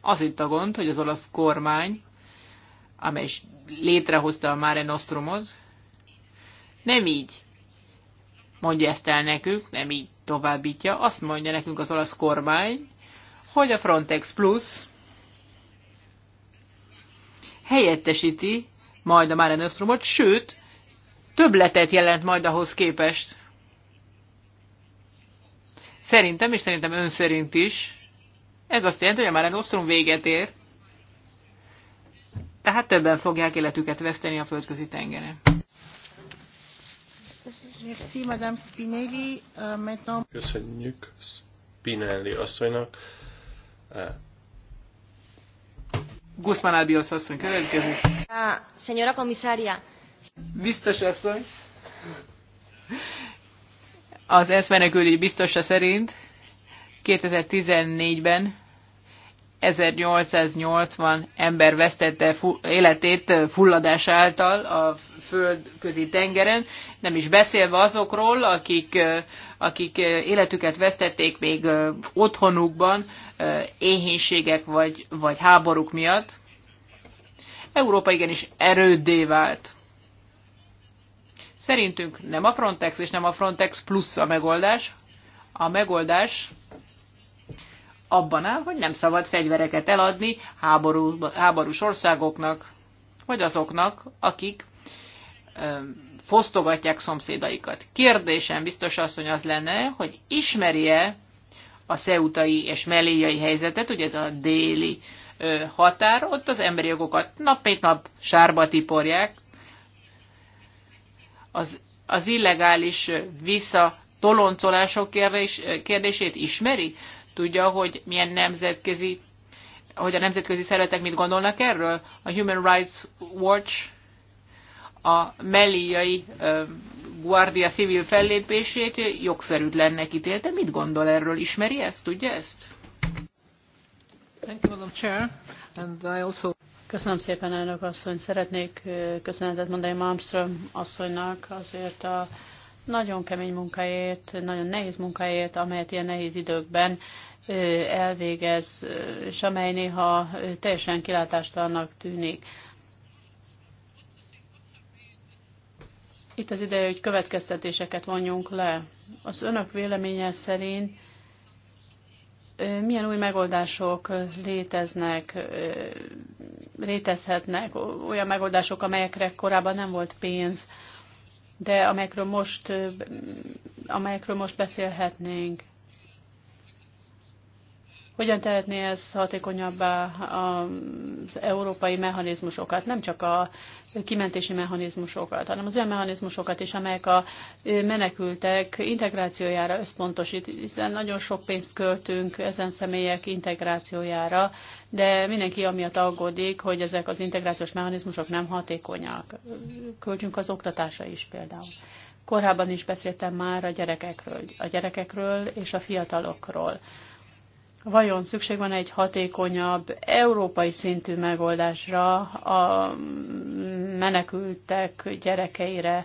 az itt a gond, hogy az olasz kormány, amely is létrehozta a Mare Nostrumot, nem így mondja ezt el nekünk, nem így továbbítja, azt mondja nekünk az olasz kormány, hogy a Frontex Plus helyettesíti majd a Mare Nostrumot, sőt, többletet jelent majd ahhoz képest. Szerintem, és szerintem ön szerint is, ez azt jelenti, hogy a Mare Nostrum véget ér, tehát többen fogják életüket veszteni a földközi tengeren. Euh, Köszönjük Spinelli asszonynak. Guzman Ádios asszony következik. Ah, señora komisária. Biztos asszony. Az ENSZ menekülügyi biztosa szerint 2014-ben 1880 ember vesztette életét eh, fulladás által a földközi tengeren, nem is beszélve azokról, akik, akik életüket vesztették még otthonukban éhénységek vagy, vagy háborúk miatt. Európa igenis erőddé vált. Szerintünk nem a Frontex és nem a Frontex plusz a megoldás. A megoldás abban áll, hogy nem szabad fegyvereket eladni háború, háborús országoknak, vagy azoknak, akik fosztogatják szomszédaikat. Kérdésem biztos asszony az lenne, hogy ismerje a szeutai és meléjai helyzetet, ugye ez a déli határ, ott az emberi jogokat nap mint nap sárba tiporják, az, az illegális visszatoloncolások kérdés, kérdését ismeri? Tudja, hogy milyen nemzetközi, hogy a nemzetközi szervezetek mit gondolnak erről? A Human Rights Watch a melliai Guardia civil fellépését jogszerűtlennek ítélte. Mit gondol erről? Ismeri ezt? Tudja ezt? Thank you, Madam Chair. And I also... Köszönöm szépen, elnök asszony. Szeretnék köszönetet mondani Malmström asszonynak azért a nagyon kemény munkáért, nagyon nehéz munkáért, amelyet ilyen nehéz időkben elvégez, és amely néha teljesen kilátástalannak tűnik. Itt az ideje, hogy következtetéseket vonjunk le. Az önök véleménye szerint milyen új megoldások léteznek, létezhetnek, olyan megoldások, amelyekre korábban nem volt pénz, de amelyekről most, amelyekről most beszélhetnénk. Hogyan tehetné ez hatékonyabbá az európai mechanizmusokat, nem csak a kimentési mechanizmusokat, hanem az olyan mechanizmusokat is, amelyek a menekültek integrációjára összpontosít, hiszen nagyon sok pénzt költünk ezen személyek integrációjára, de mindenki amiatt aggódik, hogy ezek az integrációs mechanizmusok nem hatékonyak. Költünk az oktatásra is például. Korábban is beszéltem már a gyerekekről, a gyerekekről és a fiatalokról Vajon szükség van egy hatékonyabb európai szintű megoldásra a menekültek gyerekeire,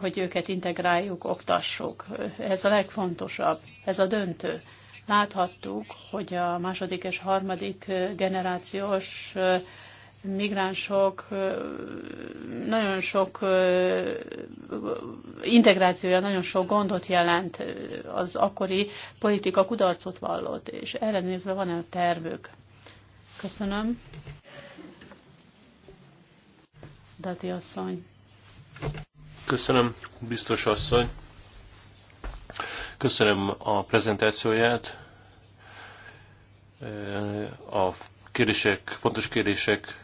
hogy őket integráljuk, oktassuk. Ez a legfontosabb, ez a döntő. Láthattuk, hogy a második és harmadik generációs migránsok nagyon sok integrációja nagyon sok gondot jelent, az akkori politika kudarcot vallott, és erre nézve van-e tervük? Köszönöm. Dati asszony. Köszönöm, biztos asszony. Köszönöm a prezentációját. A kérdések, fontos kérdések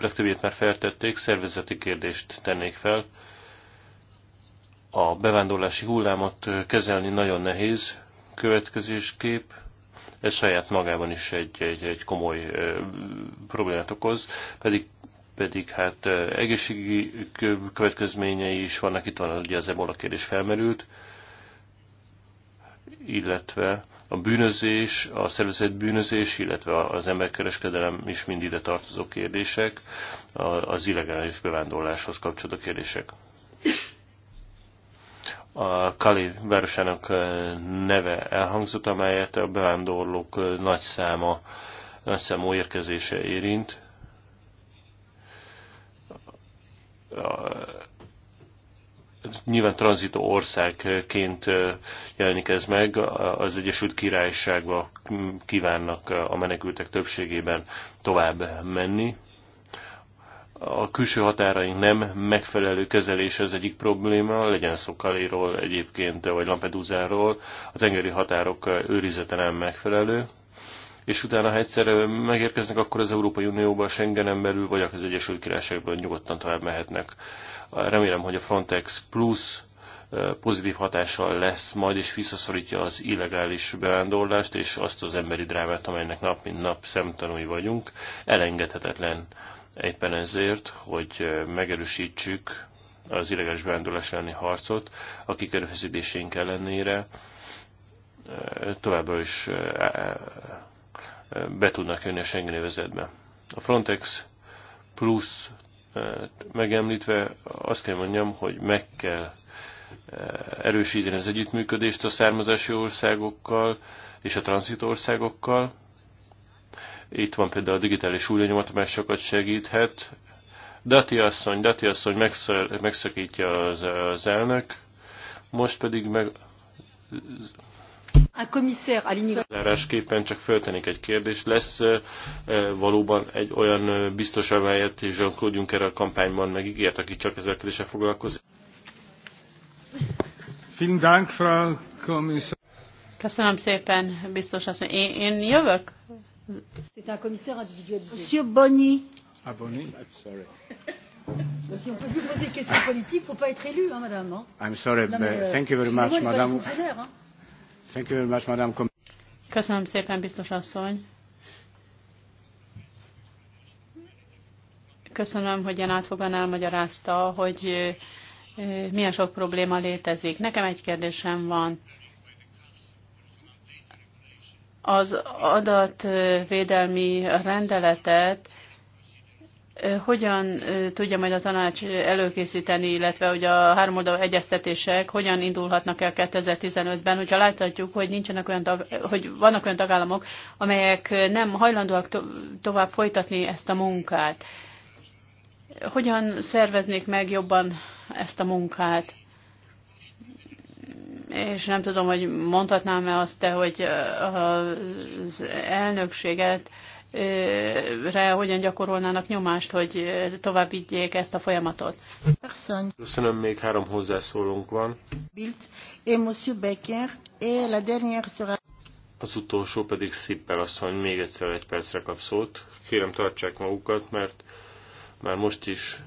legtöbbjét már feltették, szervezeti kérdést tennék fel. A bevándorlási hullámot kezelni nagyon nehéz, következéskép. ez saját magában is egy, egy, egy komoly ö, problémát okoz, pedig pedig hát egészségi következményei is vannak, itt van ugye az ebola kérdés felmerült, illetve a bűnözés, a szervezett bűnözés, illetve az emberkereskedelem is mind ide tartozó kérdések, az illegális bevándorláshoz kapcsolódó kérdések. A Kali városának eh, neve elhangzott, amelyet a bevándorlók eh, nagy száma, nagy számú érkezése érint nyilván tranzitó országként jelenik ez meg, az Egyesült Királyságba kívánnak a menekültek többségében tovább menni. A külső határaink nem megfelelő kezelés az egyik probléma, legyen szó Kaléról egyébként, vagy Lampedusáról, a tengeri határok őrizete nem megfelelő, és utána, ha egyszer megérkeznek, akkor az Európai Unióban, Schengenen belül, vagy az Egyesült Királyságban nyugodtan tovább mehetnek. Remélem, hogy a Frontex Plus pozitív hatással lesz majd, és visszaszorítja az illegális bevándorlást, és azt az emberi drámát, amelynek nap mint nap szemtanúi vagyunk, elengedhetetlen éppen ezért, hogy megerősítsük az illegális bevándorlás elleni harcot, a kikerülfeszítésénk ellenére továbbra is be tudnak jönni a Schengen A Frontex plusz megemlítve azt kell mondjam, hogy meg kell eh, erősíteni az együttműködést a származási országokkal és a tranzitországokkal. Itt van például a digitális új lenyomatomás sokat segíthet. Dati asszony, Dati asszony megszakítja az, az elnök, most pedig meg Zárásképpen csak föltenik egy kérdést. Lesz e, valóban egy olyan biztos, amelyet Jean-Claude Juncker a kampányban megígért, aki csak ezzel kérdéssel foglalkozik? Köszönöm szépen, biztos asszony. Én, én jövök? C'est un commissaire individualisé. Monsieur Bonny. Ah, Bonny. sorry. Si on peut plus poser de questions politiques, faut pas être élu, hein, madame. Hein. I'm sorry, non, mais, but euh, thank you very much, madame. Hein. Thank you very much, Madam Köszönöm szépen, biztos asszony. Köszönöm, hogy ilyen átfogan elmagyarázta, hogy milyen sok probléma létezik. Nekem egy kérdésem van. Az adatvédelmi rendeletet hogyan tudja majd a tanács előkészíteni, illetve hogy a háromoldalú egyeztetések hogyan indulhatnak el 2015-ben, hogyha láthatjuk, hogy, nincsenek olyan tag, hogy vannak olyan tagállamok, amelyek nem hajlandóak to- tovább folytatni ezt a munkát. Hogyan szerveznék meg jobban ezt a munkát? És nem tudom, hogy mondhatnám-e azt, de hogy az elnökséget re hogyan gyakorolnának nyomást, hogy tovább vigyék ezt a folyamatot. Köszönöm, még három hozzászólónk van. Az utolsó pedig Szippel asszony, még egyszer egy percre kap szót. Kérem, tartsák magukat, mert már most is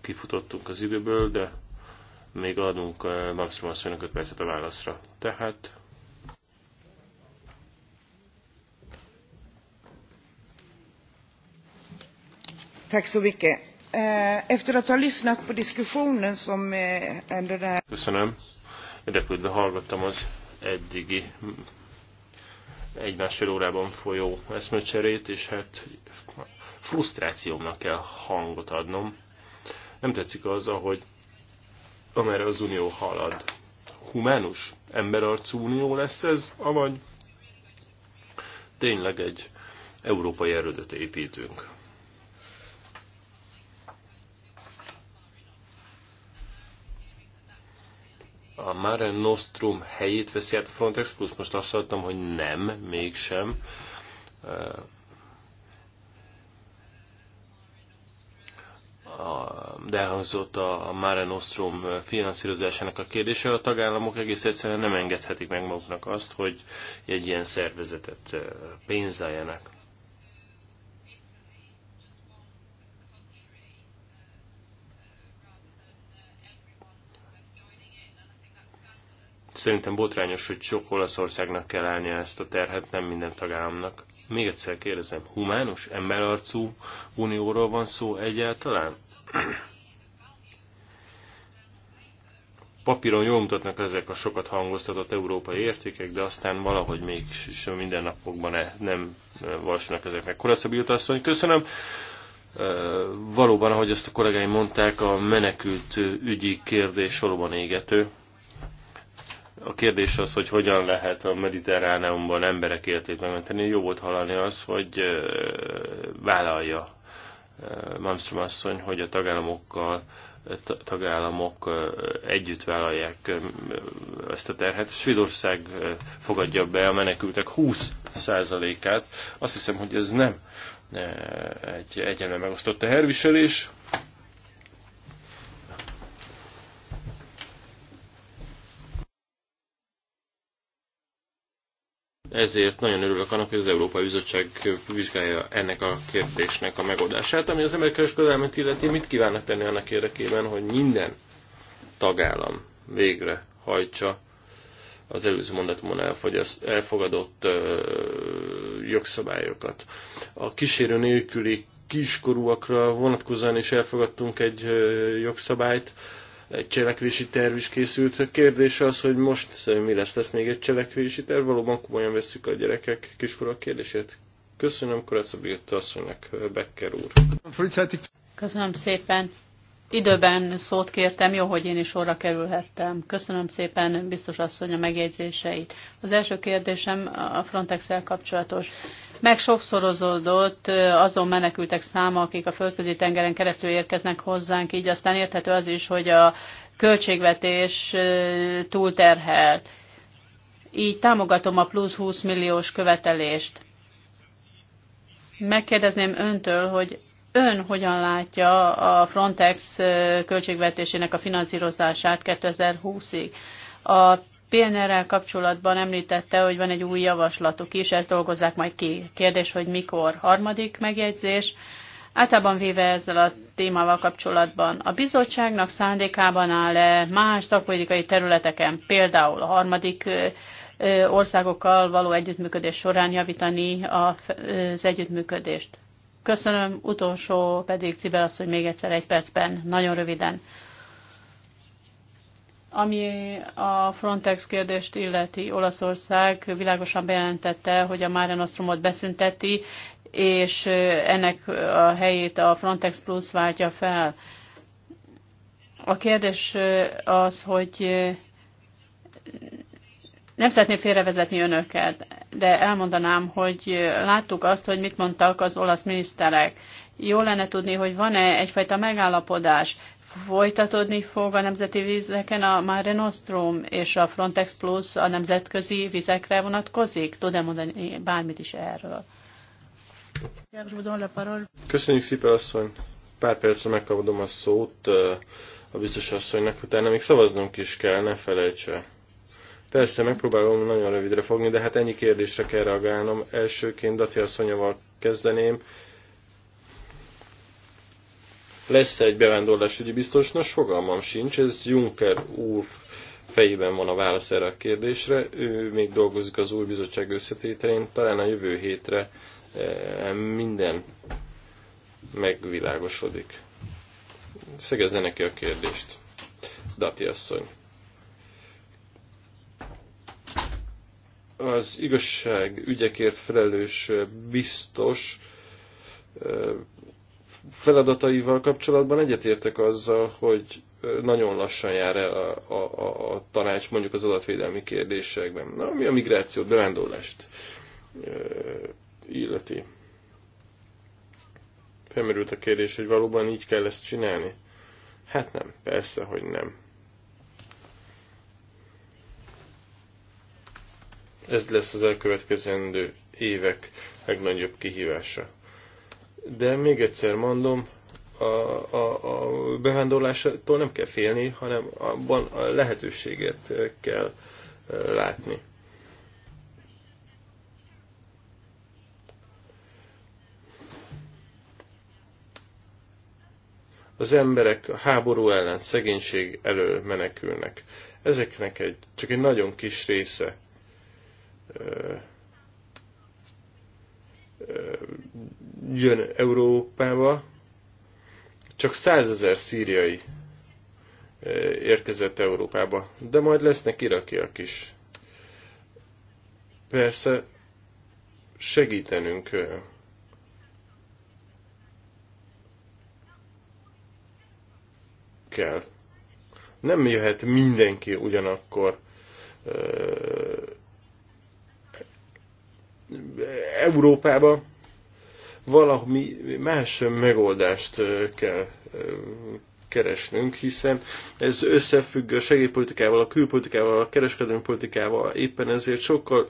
kifutottunk az időből, de még adunk Maximum asszonynak 5 percet a válaszra. Tehát Eh, efter att ha lyssnat på diskussionen som eh, ändå där... Köszönöm. Érdeklődve hallgattam az eddigi mm, egy másfél órában folyó eszmecserét, és hát frusztrációmnak kell hangot adnom. Nem tetszik az, ahogy amerre az unió halad. Humánus, emberarcú unió lesz ez, avagy tényleg egy európai erődöt építünk. a Mare Nostrum helyét veszi át a Frontex Plus? Most azt hallottam, hogy nem, mégsem. de elhangzott a Mare Nostrum finanszírozásának a kérdése, a tagállamok egész egyszerűen nem engedhetik meg maguknak azt, hogy egy ilyen szervezetet eh, pénzeljenek. Szerintem botrányos, hogy sok Olaszországnak kell állnia ezt a terhet, nem minden tagállamnak. Még egyszer kérdezem, humánus, emberarcú unióról van szó egyáltalán? Papíron jól mutatnak ezek a sokat hangoztatott európai értékek, de aztán valahogy még sem napokban -e nem e, valósulnak ezeknek. Koracabilta asszony, köszönöm e, valóban, ahogy ezt a kollégáim mondták, a menekült e, ügyi kérdés valóban égető. A kérdés az, hogy hogyan lehet a mediterráneumban emberek életét megmenteni. Jó volt hallani az, hogy vállalja Malmström asszony, hogy a tagállamokkal tagállamok együtt vállalják ezt a terhet. Svédország fogadja be a menekültek 20%-át. Azt hiszem, hogy ez nem egy egyenlő megosztott teherviselés. Ezért nagyon örülök annak, hogy az Európai Bizottság vizsgálja ennek a kérdésnek a megoldását, ami az emberi kereskedelmet illeti, mit kívánnak tenni annak érdekében, hogy minden tagállam végre hajtsa az előző mondatomon elfogadott jogszabályokat. A kísérő nélküli kiskorúakra vonatkozóan is elfogadtunk egy jogszabályt, egy cselekvési terv is készült. A kérdés az, hogy most mi lesz, lesz még egy cselekvési terv, valóban komolyan veszük a gyerekek kiskorak kérdését. Köszönöm Korácsa Birta asszonynak, Becker úr. Köszönöm szépen. Időben szót kértem, jó, hogy én is orra kerülhettem. Köszönöm szépen, biztos asszony, a megjegyzéseit. Az első kérdésem a frontex kapcsolatos. Meg sokszorozódott azon menekültek száma, akik a földközi tengeren keresztül érkeznek hozzánk, így aztán érthető az is, hogy a költségvetés túlterhelt. Így támogatom a plusz 20 milliós követelést. Megkérdezném öntől, hogy Ön hogyan látja a Frontex költségvetésének a finanszírozását 2020-ig? A PNR-rel kapcsolatban említette, hogy van egy új javaslatuk is, ezt dolgozzák majd ki. Kérdés, hogy mikor? Harmadik megjegyzés. Általában véve ezzel a témával kapcsolatban a bizottságnak szándékában áll-e más szakpolitikai területeken, például a harmadik országokkal való együttműködés során javítani az együttműködést? Köszönöm, utolsó pedig Cibel az, hogy még egyszer egy percben, nagyon röviden. Ami a Frontex kérdést illeti, Olaszország világosan bejelentette, hogy a Mare Nostrumot beszünteti, és ennek a helyét a Frontex Plus váltja fel. A kérdés az, hogy nem szeretném félrevezetni önöket, de elmondanám, hogy láttuk azt, hogy mit mondtak az olasz miniszterek. Jó lenne tudni, hogy van-e egyfajta megállapodás. Folytatódni fog a nemzeti vízeken a Mare Nostrum és a Frontex Plus a nemzetközi vizekre vonatkozik? Tud-e mondani bármit is erről? Köszönjük szépen, asszony. Pár percre megkapodom a szót a biztos asszonynak, utána még szavaznunk is kell, ne felejtse. Persze, megpróbálom nagyon rövidre fogni, de hát ennyi kérdésre kell reagálnom. Elsőként Dati Szonyaval kezdeném. Lesz -e egy bevándorlásügyi biztos? Nos, fogalmam sincs, ez Juncker úr fejében van a válasz erre a kérdésre. Ő még dolgozik az új bizottság összetételén, talán a jövő hétre eh, minden megvilágosodik. Szegezze neki a kérdést, Dati asszony. az igazság ügyekért felelős biztos feladataival kapcsolatban egyetértek azzal, hogy nagyon lassan jár el a, a, a tanács mondjuk az adatvédelmi kérdésekben. Na, ami a migrációt, bevándorlást illeti. Felmerült a kérdés, hogy valóban így kell ezt csinálni? Hát nem, persze, hogy nem. Ez lesz az elkövetkezendő évek legnagyobb kihívása. De még egyszer mondom, a, a, a bevándorlástól nem kell félni, hanem abban a lehetőséget kell e, látni. az emberek a háború ellen, szegénység elől menekülnek. Ezeknek egy, csak egy nagyon kis része jön Európába, csak százezer szíriai érkezett Európába, de majd lesznek irakiak is. Persze segítenünk kell. Nem jöhet mindenki ugyanakkor Európába valami más megoldást kell keresnünk, hiszen ez összefügg a segélypolitikával, a külpolitikával, a kereskedelmi politikával, éppen ezért sokkal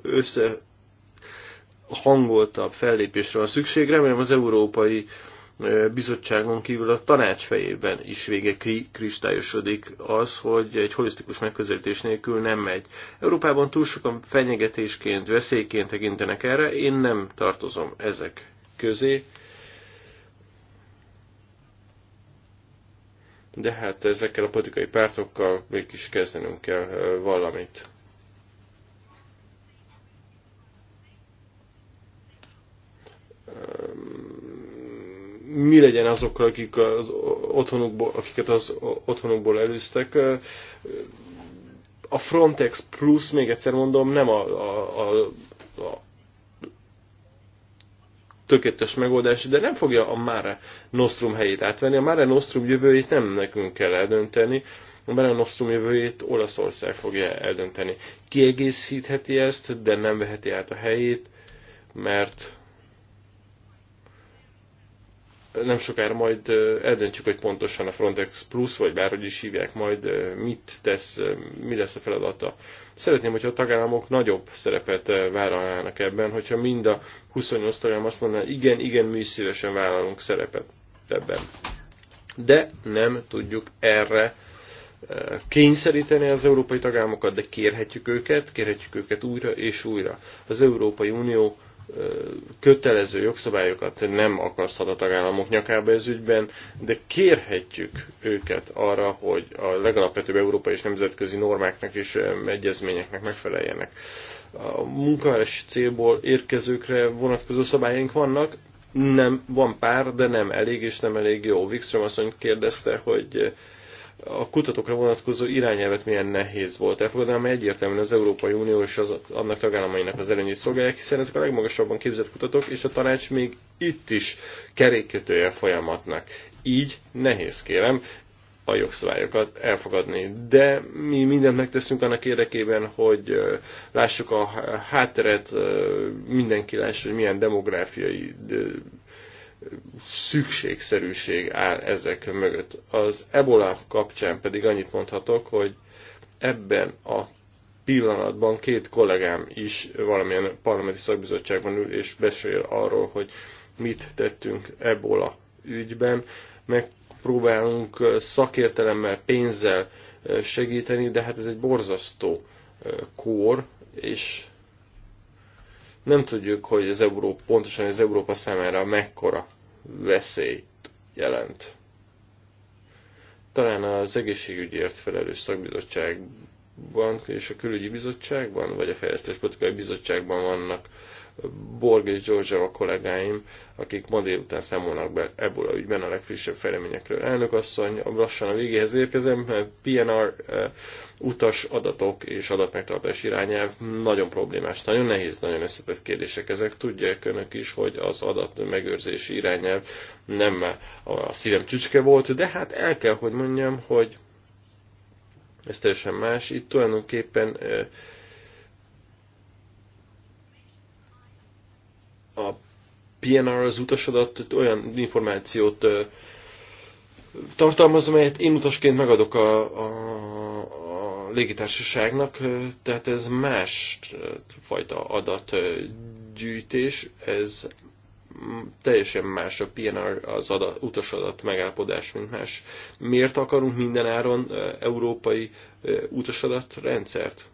összehangoltabb fellépésre van szükség. Remélem az európai uh, bizottságon kívül a tanács fejében is vége kristályosodik az, hogy egy holisztikus megközelítés nélkül nem megy. Európában túl sokan fenyegetésként, veszélyként tekintenek erre, én nem tartozom ezek közé. De hát ezekkel a politikai pártokkal mégis kezdenünk kell valamit. Um, mi legyen azokra, akik az otthonukból, akiket az otthonukból elűztek. A Frontex Plus, még egyszer mondom, nem a, a, a, a tökéletes megoldás, de nem fogja a Mare Nostrum helyét átvenni. A Mare Nostrum jövőjét nem nekünk kell eldönteni, a Mare Nostrum jövőjét Olaszország fogja eldönteni. Kiegészítheti ezt, de nem veheti át a helyét, mert nem sokára majd eldöntjük, hogy pontosan a Frontex Plus, vagy bárhogy is hívják majd, mit tesz, mi lesz a feladata. Szeretném, hogyha a tagállamok nagyobb szerepet vállalnának ebben, hogyha mind a 28 tagállam azt mondaná, igen, igen, mi is szívesen vállalunk szerepet ebben. De nem tudjuk erre kényszeríteni az európai tagállamokat, de kérhetjük őket, kérhetjük őket újra és újra. Az Európai Unió kötelező jogszabályokat nem akaszthat a tagállamok nyakába ez ügyben, de kérhetjük őket arra, hogy a legalapvetőbb európai és nemzetközi normáknak és egyezményeknek megfeleljenek. A munkás célból érkezőkre vonatkozó szabályaink vannak, nem, van pár, de nem elég és nem elég jó. Wikström asszony kérdezte, hogy a kutatókra vonatkozó irányelvet milyen nehéz volt elfogadni, amely egyértelműen az Európai Unió és az, annak tagállamainak az előnyét szolgálják, hiszen ezek a legmagasabban képzett kutatók, és a tanács még itt is kerékkötője folyamatnak. Így nehéz, kérem, a jogszabályokat elfogadni. De mi mindent megteszünk annak érdekében, hogy lássuk a hátteret, mindenki lássa, hogy milyen demográfiai szükségszerűség áll ezek mögött. Az ebola kapcsán pedig annyit mondhatok, hogy ebben a pillanatban két kollégám is valamilyen parlamenti szakbizottságban ül és beszél arról, hogy mit tettünk ebola ügyben. Megpróbálunk szakértelemmel, pénzzel segíteni, de hát ez egy borzasztó kór, és nem tudjuk, hogy az Európa, pontosan az Európa számára mekkora veszélyt jelent. Talán az egészségügyért felelős szakbizottságban és a külügyi bizottságban, vagy a fejlesztéspolitikai bizottságban vannak Borg és Georgia a kollégáim, akik ma délután számolnak be ebből a ügyben a legfrissebb fejleményekről. Elnök asszony, lassan a végéhez érkezem, PNR eh, utas adatok és adatmegtartás irányelv nagyon problémás, nagyon nehéz, nagyon összetett kérdések ezek. Tudják önök is, hogy az adat megőrzési irányelv nem a szívem csücske volt, de hát el kell, hogy mondjam, hogy ez teljesen más. Itt tulajdonképpen eh, a PNR az utasodat olyan információt tartalmaz, amelyet én utasként megadok a, a, a légitársaságnak, tehát ez más fajta adatgyűjtés, ez teljesen más a PNR, az adat, utasadat megállapodás, mint más. Miért akarunk minden áron európai utasadat rendszert?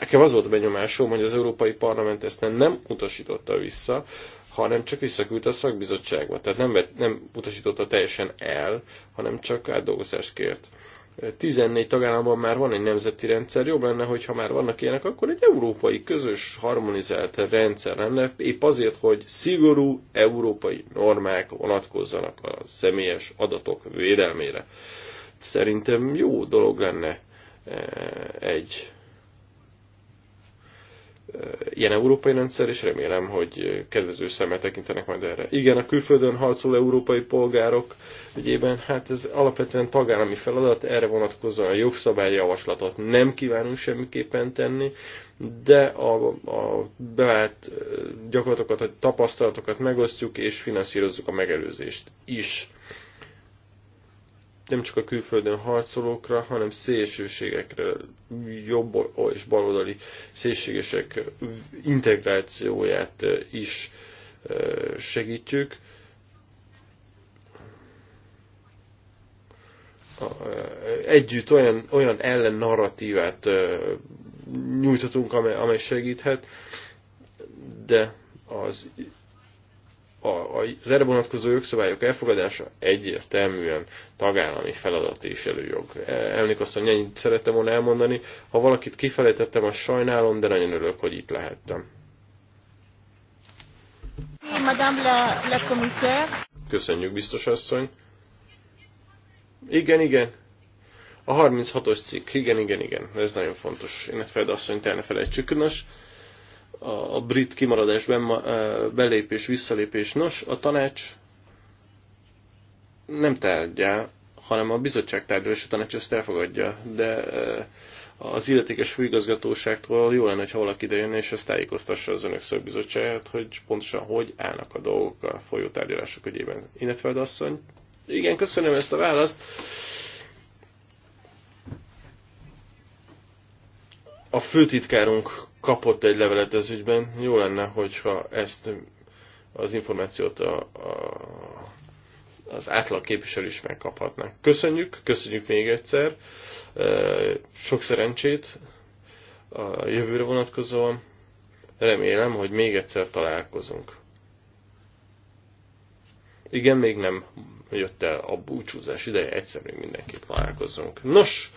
Nekem az volt a benyomásom, hogy az Európai Parlament ezt nem, nem utasította vissza, hanem csak visszaküldte a szakbizottságba. Tehát nem, vett, nem utasította teljesen el, hanem csak átdolgozást kért. 14 tagállamban már van egy nemzeti rendszer, jobb lenne, hogyha már vannak ilyenek, akkor egy európai közös harmonizált rendszer lenne, épp azért, hogy szigorú európai normák vonatkozzanak a személyes adatok védelmére. Szerintem jó dolog lenne eh, egy ilyen európai rendszer, és remélem, hogy kedvező szemmel tekintenek majd erre. Igen, a külföldön harcoló európai polgárok ügyében, hát ez alapvetően tagállami feladat, erre vonatkozóan a jogszabályjavaslatot nem kívánunk semmiképpen tenni, de a, a bevált gyakorlatokat, a tapasztalatokat megosztjuk, és finanszírozzuk a megelőzést is nem csak a külföldön harcolókra, hanem szélsőségekre, jobb és baloldali szélségesek integrációját eh, is eh, segítjük. Eh, együtt olyan, olyan ellen narratívát nyújthatunk, amely, amely segíthet, de az az erre vonatkozó jogszabályok elfogadása egyértelműen tagállami feladat és előjog. E, elnök hogy ennyit szerettem volna elmondani. Ha valakit kifelejtettem, azt sajnálom, de nagyon örülök, hogy itt lehettem. Madame la, la commissaire. Köszönjük, biztos asszony. Igen, igen. A 36-os cikk, igen, igen, igen. Ez nagyon fontos. Én ezt asszony, ne felejtsük. Nos, a brit kimaradás, e, belépés, visszalépés. Nos, a tanács nem tárgyá, hanem a bizottság tárgyal, és a tanács ezt elfogadja. De e, az illetékes főigazgatóságtól jó lenne, ha valaki ide jönne, és ezt tájékoztassa az önök szakbizottságát, hogy pontosan hogy állnak a dolgok a folyó tárgyalások ügyében. az asszony? Igen, köszönöm ezt a választ. A főtitkárunk kapott egy levelet ez ügyben. Jó lenne, hogyha ezt az információt a, a, az átlag képviselő is megkaphatná. Köszönjük, köszönjük még egyszer, e, sok szerencsét a jövőre vonatkozóan. Remélem, hogy még egyszer találkozunk. Igen, még nem jött el a búcsúzás ideje, egyszer még mindenkit találkozunk. Nos,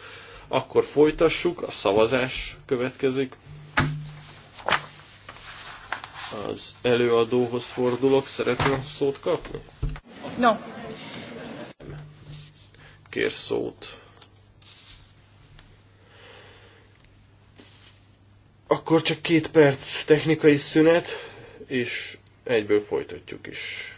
akkor folytassuk, a szavazás következik az előadóhoz fordulok, szeretne szót kapni? No. Kér szót. Akkor csak két perc technikai szünet, és egyből folytatjuk is.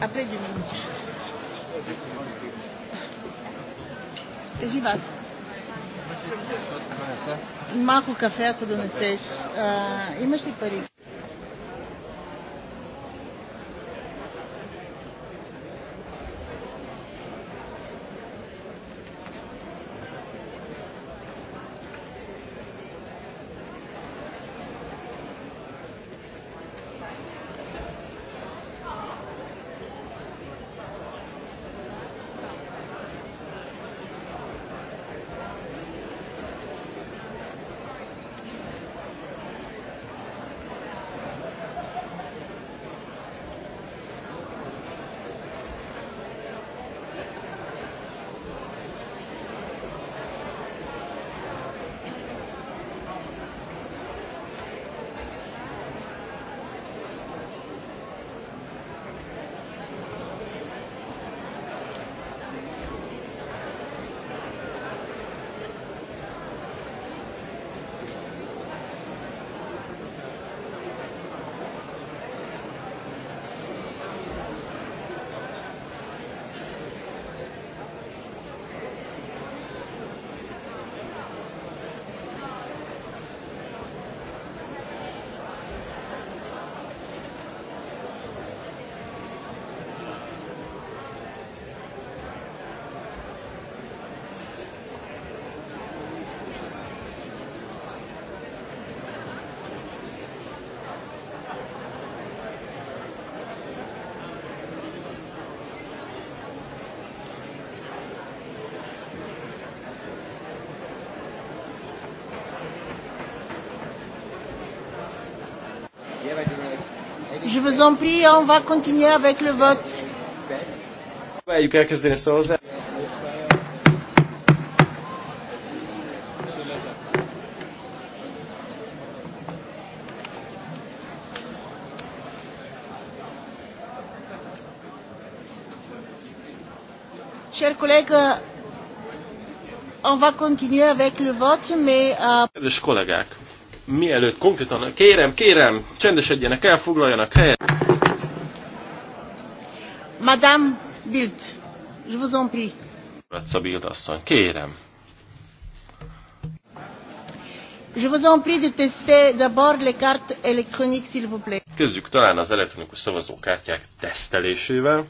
Après du minutes. Et j'y vais. Μάκου καφέ από τον Εφές. Είμαστε υπερήφανοι. Je vous en prie, on va continuer avec le vote. Chers collègues, on va continuer avec le vote, mais... Uh... Kedves kollégák, mielőtt konkrétan... Kérem, kérem, csendesedjenek elfoglaljanak foglaljanak helyet. Madame Bild, je vous en prie. Ratza Bild asszony, kérem. Je vous en prie de tester d'abord les cartes électroniques, s'il vous plaît. Kezdjük talán az elektronikus szavazókártyák tesztelésével.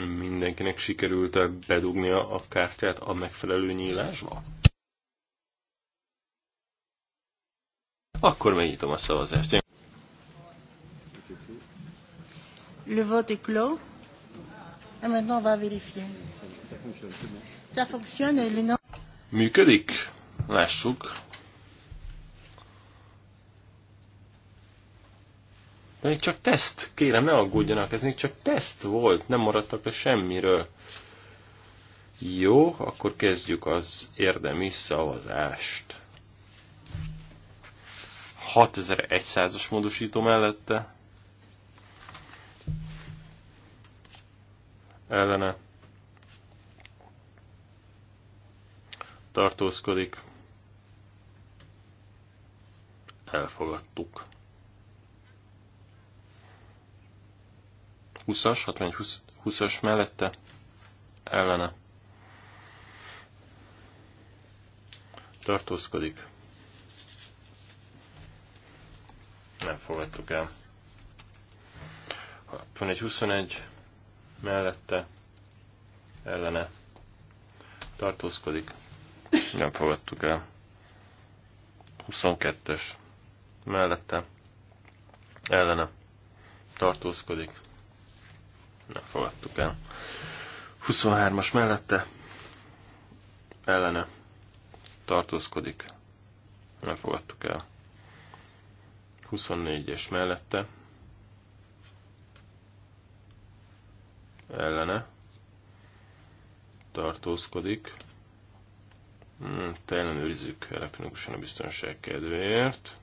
Mindenkinek sikerült -e bedugnia a kártyát a megfelelő nyílásba? Akkor megnyitom a szavazást. Le vote est clos. Et maintenant on va vérifier. Ça fonctionne et le nom... Működik? Lássuk. De még csak teszt, kérem, ne aggódjanak, ez még csak teszt volt, nem maradtak le semmiről. Jó, akkor kezdjük az érdemi szavazást. 6100-as módosító mellette. Ellene. Tartózkodik. Elfogadtuk. 20 as 61-20-as mellette ellene tartózkodik. Nem fogadtuk el. 61-21 mellette ellene tartózkodik. Nem fogadtuk el. 22-es mellette ellene tartózkodik nem fogadtuk el. 23-as mellette ellene tartózkodik, nem fogadtuk el. 24-es mellette ellene tartózkodik. Hmm, te ellenőrizzük elektronikusan a biztonság kedvéért.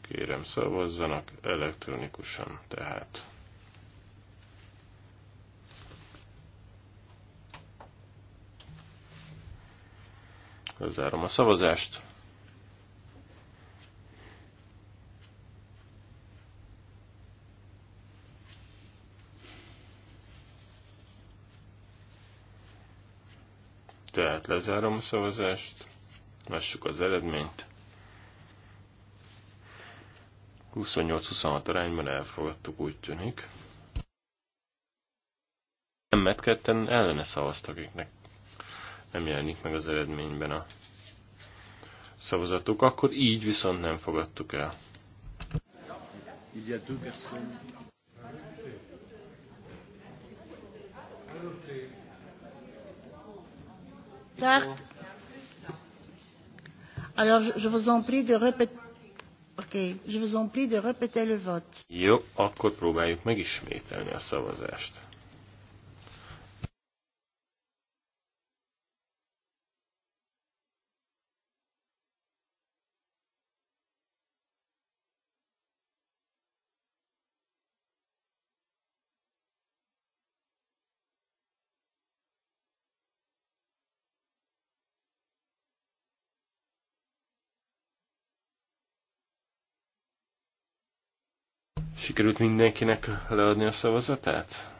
Kérem szavazzanak elektronikusan tehát. Lezárom a szavazást. Tehát lezárom a szavazást. Lássuk az eredményt. 28-26 arányban elfogadtuk, úgy tűnik. Nem ketten ellene szavaztak, akiknek nem jelenik meg az eredményben a szavazatuk, akkor így viszont nem fogadtuk el. Carte. Alors, je vous en prie de répéter. Ok, je vous en prie de répéter le vote. Jó, akkor próbáljuk megismételni a szavazást. Sikerült mindenkinek leadni a szavazatát?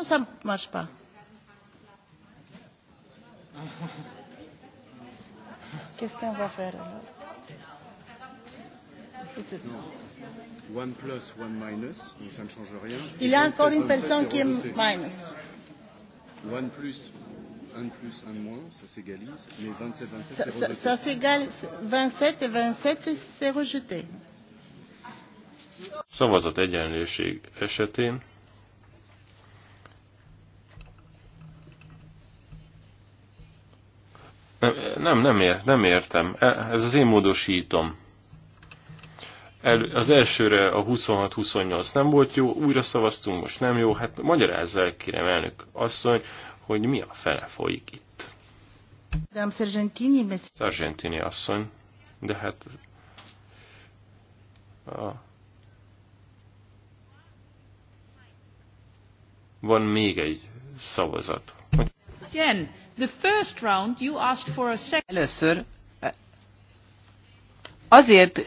Ça One plus, one minus, donc ça ne change rien. Il y a encore une personne qui est minus. One plus, 1 plus 1 moins, ça s'égalise, mais 27, 27, c'est rejeté. Ça, ça s'égale, 27 et 27, c'est rejeté. Szavazat egyenlőség esetén Nem, nem, ért, nem értem. E, ez az én módosítom. El, az elsőre a 26-28 nem volt jó, újra szavaztunk, most nem jó. Hát magyarázzál, kérem elnök asszony, hogy mi a fene folyik itt. Sargentini asszony, de hát a van még egy szavazat. Again, the first round you asked for a second. Először azért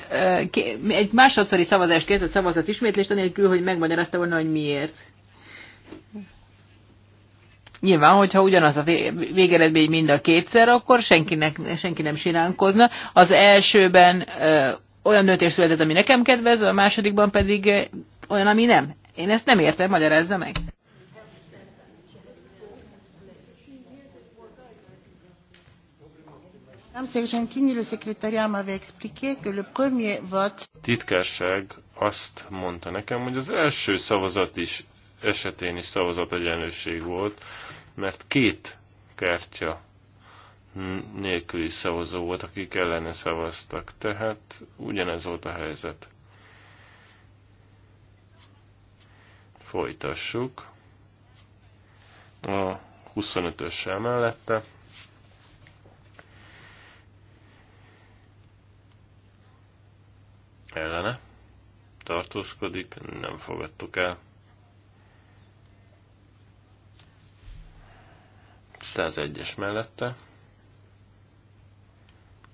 egy másodszori szavazást kért, szavazat ismétlést, anélkül, hogy megmagyarázta volna, hogy miért. Nyilván, hogyha ugyanaz a végeredmény mind a kétszer, akkor senkinek, senki nem siránkozna. Az elsőben ö, olyan döntés született, ami nekem kedvez, a másodikban pedig ö, olyan, ami nem. Én ezt nem értem, magyarázza meg. Titkárság azt mondta nekem, hogy az első szavazat is esetén is szavazat egyenlőség volt, mert két kártya nélküli szavazó volt, akik ellene szavaztak. Tehát ugyanez volt a helyzet. Folytassuk. A 25-össel mellette. Ellene. Tartózkodik, nem fogadtuk el. 101-es mellette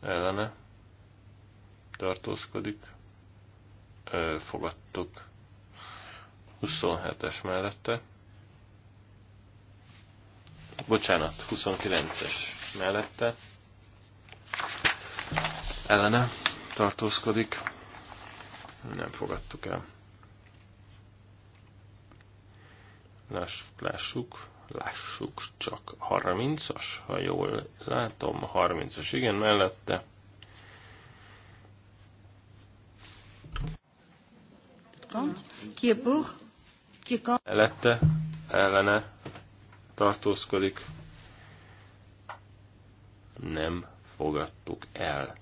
ellene tartózkodik, fogadtuk 27-es mellette, bocsánat, 29-es mellette ellene tartózkodik, nem fogadtuk el. Lássuk, lássuk. Lássuk csak 30-as, ha jól látom, 30-as, igen, mellette. Mellette, ellene tartózkodik. Nem fogadtuk el.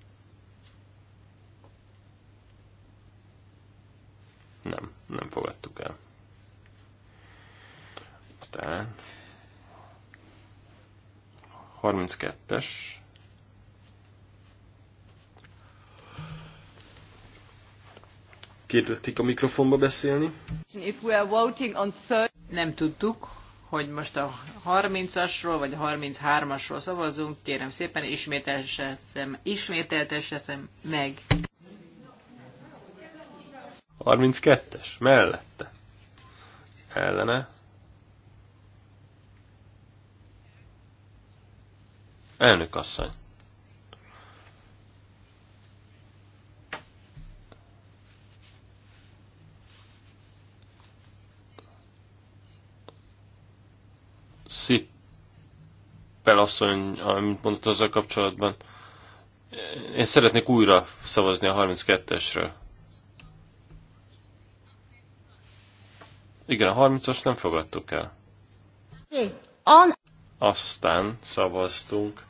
Nem, nem fogadtuk el. Aztán 32-es. Kérdették a mikrofonba beszélni. If we are voting on third... Nem tudtuk, hogy most a 30-asról vagy a 33-asról szavazunk. Kérem szépen, ismételtessem, ismételtessem meg. 32-es, mellette. Ellene Elnök asszony. Szippel asszony, amit mondott azzal kapcsolatban, én szeretnék újra szavazni a 32-esről. Igen, a 30-as nem fogadtuk el. Aztán szavaztunk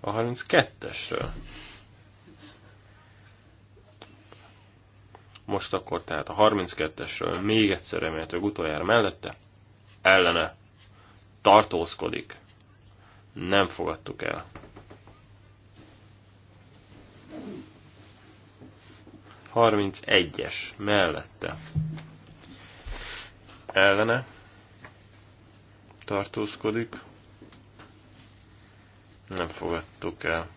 a 32-esről. Most akkor tehát a 32-esről még egyszer remélhetőleg utoljára mellette ellene tartózkodik. Nem fogadtuk el. Harminc egyes mellette. Ellene tartózkodik nem fogadtuk el.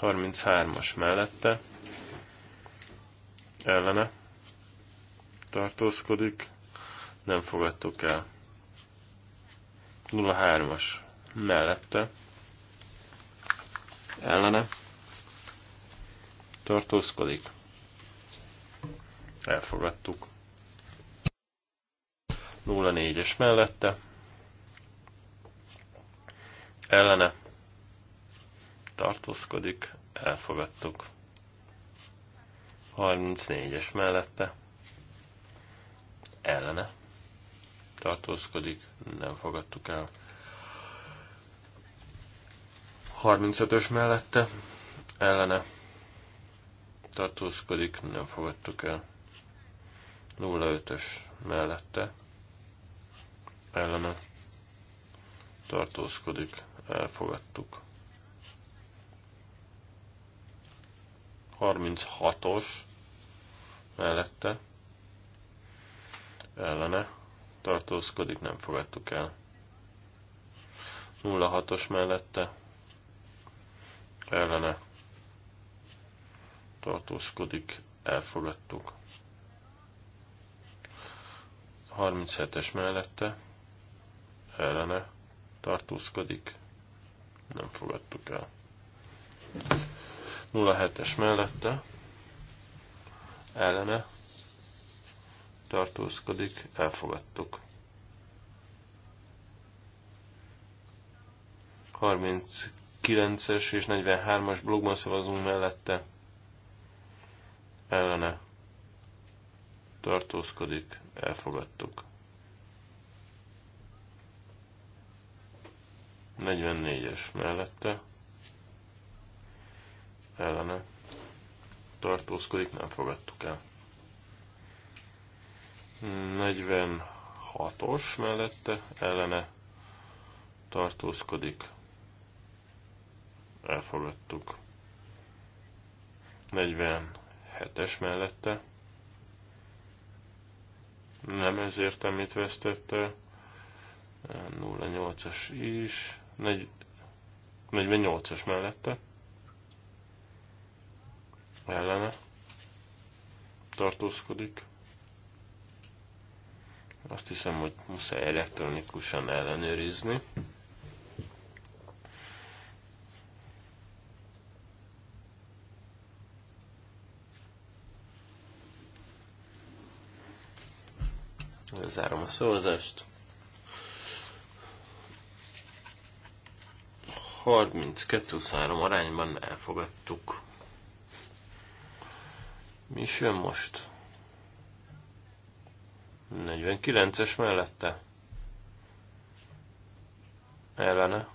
33-as mellette, ellene tartózkodik, nem fogadtuk el. 03-as mellette, ellene tartózkodik, elfogadtuk. 04-es mellette, ellene tartózkodik, elfogadtuk. 34-es mellette ellene tartózkodik, nem fogadtuk el. 35-ös mellette ellene tartózkodik, nem fogadtuk el. 05-ös mellette ellene tartózkodik, elfogadtuk. 36-os mellette ellene tartózkodik, nem fogadtuk el. 06-os mellette ellene tartózkodik, elfogadtuk. 37-es mellette ellene tartózkodik, nem fogadtuk el. 07-es mellette ellene tartózkodik, elfogadtuk. 39-es és 43-as blogban szavazunk mellette ellene tartózkodik, elfogadtuk. 44-es mellette ellene tartózkodik, nem fogadtuk el. 46-os mellette ellene tartózkodik, elfogadtuk. 47-es mellette nem ezért amit vesztette, 08-as is, 48-as mellette ellene tartózkodik. Azt hiszem, hogy muszáj elektronikusan ellenőrizni. Zárom a szózást. 32-23 arányban elfogadtuk. Mi is jön most? 49-es mellette. Ellene.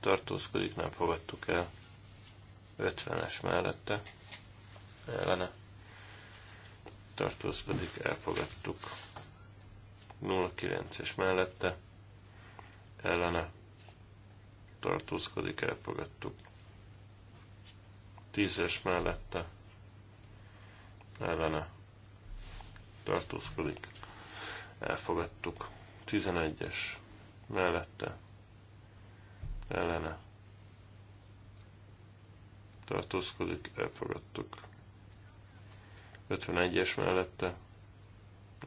Tartózkodik, nem fogadtuk el. 50-es mellette. Ellene. Tartózkodik, elfogadtuk. 09-es mellette. Ellene. Tartózkodik, elfogadtuk. 10-es mellette ellene tartózkodik. Elfogadtuk. 11-es mellette ellene tartózkodik. Elfogadtuk. 51-es mellette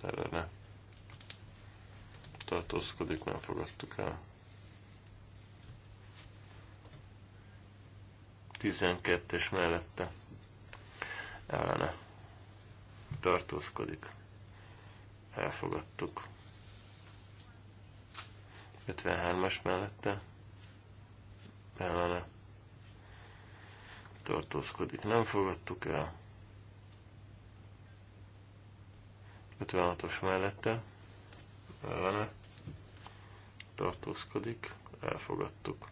ellene tartózkodik. Nem fogadtuk el. 12-es mellette ellene tartózkodik. Elfogadtuk. 53-as mellette ellene tartózkodik. Nem fogadtuk el. 56-os mellette ellene tartózkodik. Elfogadtuk.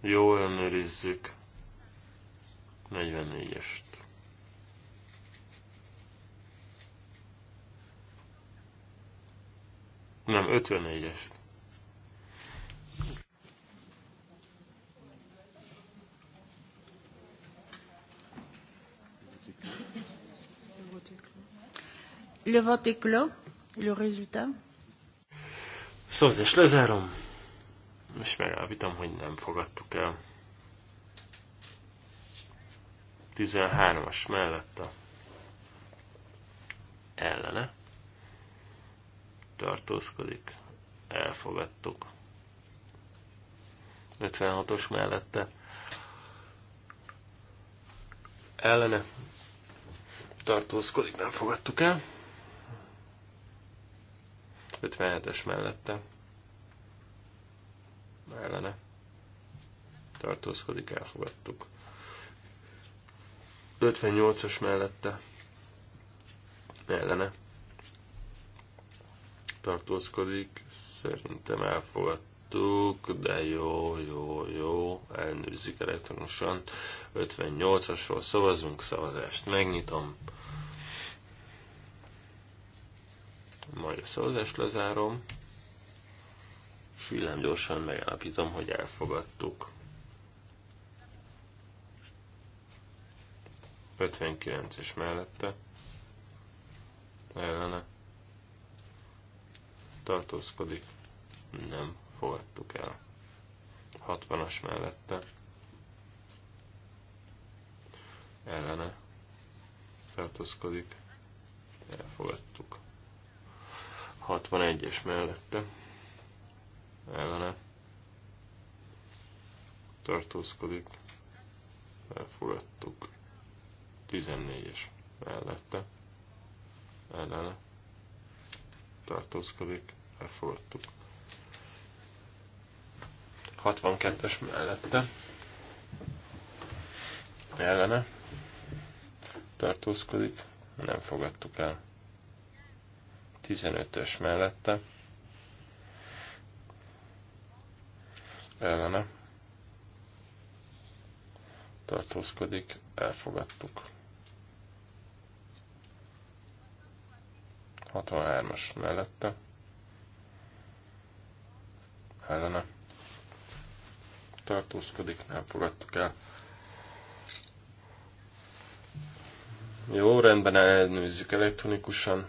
Jó, ellenőrizzük. 44-est. Nem, 54-est. Le vote est clos. Le résultat. Szóval és lezárom, és megállapítom, hogy nem fogadtuk el. 13-as mellette ellene tartózkodik, elfogadtuk. 56-os mellette ellene tartózkodik, nem fogadtuk el. 57-es mellette ellene tartózkodik, elfogadtuk. 58-as mellette ellene tartózkodik, szerintem elfogadtuk, de jó, jó, jó, elnőrzik elektronosan. 58-asról szavazunk, szavazást megnyitom. Majd a szavazást lezárom, és gyorsan megállapítom, hogy elfogadtuk. 59 és mellette ellene tartózkodik, nem fogadtuk el. 60-as mellette ellene tartózkodik, elfogadtuk. 61-es mellette ellene tartózkodik, elfogadtuk. 14-es mellette ellene tartózkodik, elfogadtuk. 62-es mellette ellene tartózkodik, nem fogadtuk el. 15-ös mellette ellene tartózkodik, elfogadtuk. 63-as mellette. Ellene. Tartózkodik, nem fogadtuk el. Jó, rendben, elnőzzük elektronikusan.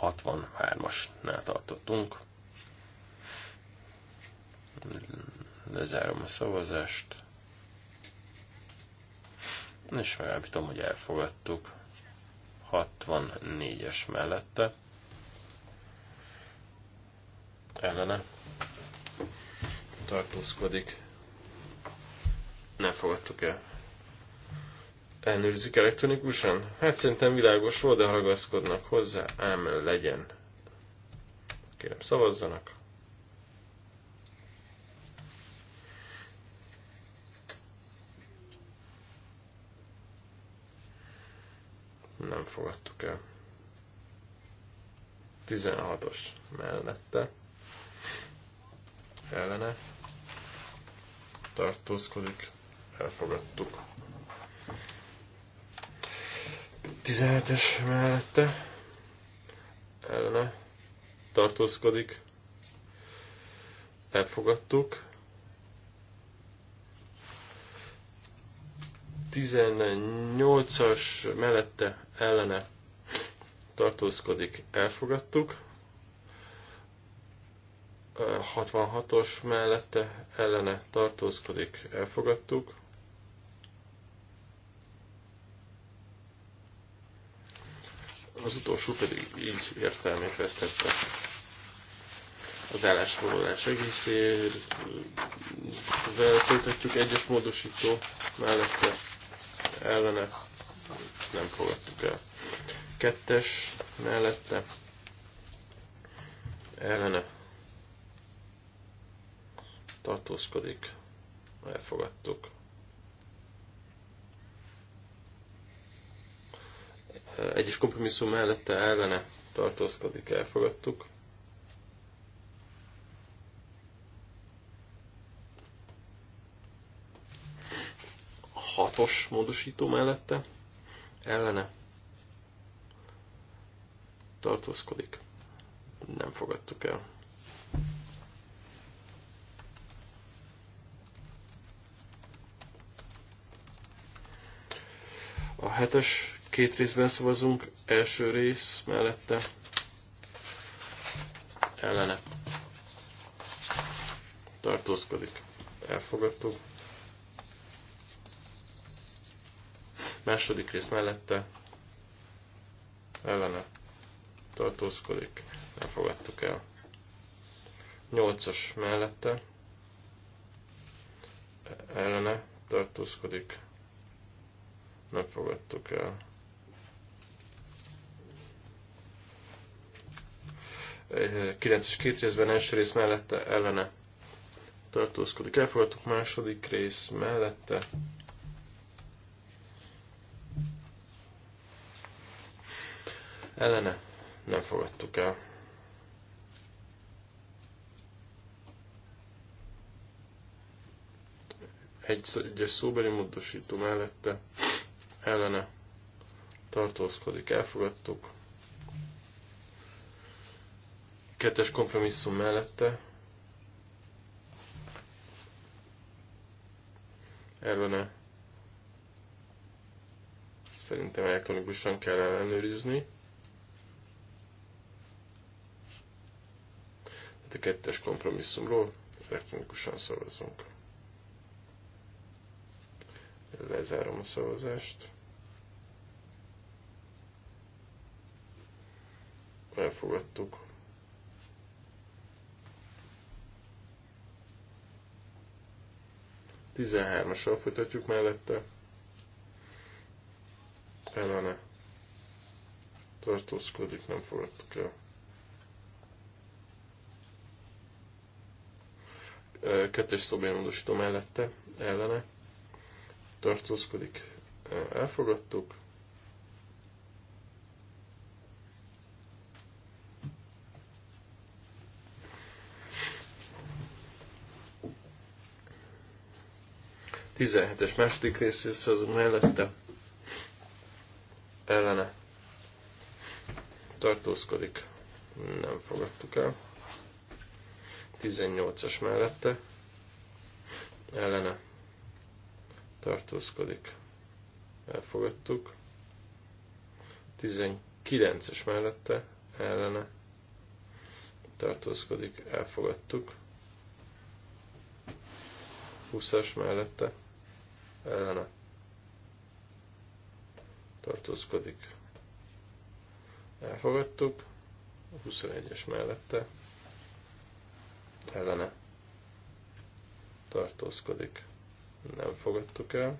63-asnál tartottunk. Lezárom a szavazást. És megállapítom, hogy elfogadtuk. 64-es mellette ellene tartózkodik. Nem fogadtuk el. Ellenőrzik elektronikusan? Hát szerintem világos volt, de ragaszkodnak hozzá. Ám legyen. Kérem szavazzanak. fogadtuk el. 16-os mellette ellene tartózkodik, elfogadtuk. 17-es mellette ellene tartózkodik, elfogadtuk. 18-as mellette ellene tartózkodik, elfogadtuk. 66-os mellette ellene tartózkodik, elfogadtuk. Az utolsó pedig így értelmét vesztette. Az állásfoglalás egészével folytatjuk egyes módosító mellette ellene nem fogadtuk el. Kettes mellette ellene tartózkodik, elfogadtuk. Egyes kompromisszum mellette ellene tartózkodik, elfogadtuk. hatos módosító mellette ellene tartózkodik. Nem fogadtuk el. A hetes két részben szavazunk, első rész mellette ellene tartózkodik. Elfogadtuk. Második rész mellette ellene tartózkodik. Elfogadtuk el. Nyolcas mellette ellene tartózkodik. Nem fogadtuk el. Kilences két részben első rész mellette ellene tartózkodik. Elfogadtuk második rész mellette ellene nem fogadtuk el. Egy, egyes szóbeli módosító mellette ellene tartózkodik, elfogadtuk. Kettes kompromisszum mellette ellene szerintem elektronikusan kell ellenőrizni. a kettes kompromisszumról elektronikusan szavazunk. Lezárom a szavazást. Elfogadtuk. Tizenhármassal folytatjuk mellette. Ellene tartózkodik, nem fogadtuk el. kettes szobélyamódosító mellette ellene tartózkodik. Elfogadtuk. Tizenhetes második rész az mellette ellene tartózkodik. Nem fogadtuk el. 18-as mellette ellene tartózkodik. Elfogadtuk. 19-es mellette ellene tartózkodik. Elfogadtuk. 20-as mellette ellene tartózkodik. Elfogadtuk. 21-es mellette ellene tartózkodik. Nem fogadtuk el.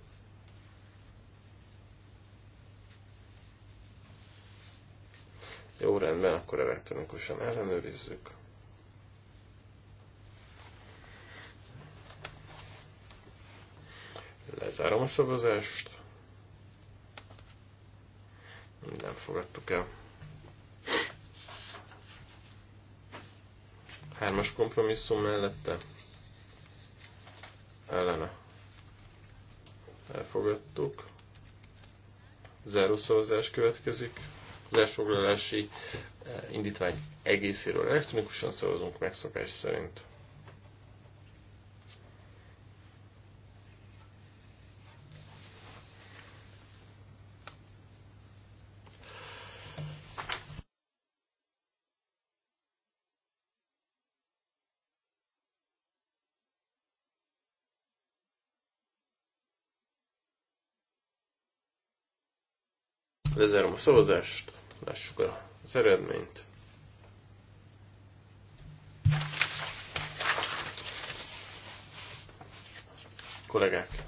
Jó, rendben, akkor elektronikusan ellenőrizzük. Lezárom a szavazást. Nem fogadtuk el. Hármas kompromisszum mellette ellene elfogadtuk. Zárószavazás következik. Az elfoglalási eh, indítvány egészéről elektronikusan szavazunk megszokás szerint. a szavazást, lássuk az eredményt. Kollégák,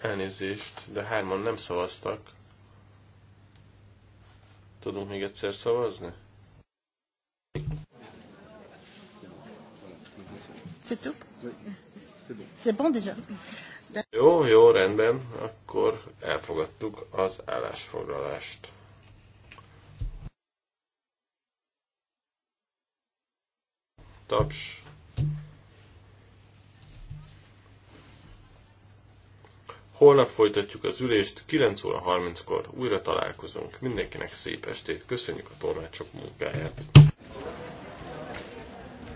elnézést, de hárman nem szavaztak. Tudunk még egyszer szavazni? C'est tout C'est bon déjà Jó, jó, rendben, akkor elfogadtuk az állásfoglalást. taps. Holnap folytatjuk az ülést, 9 óra 30-kor újra találkozunk. Mindenkinek szép estét, köszönjük a tolmácsok munkáját.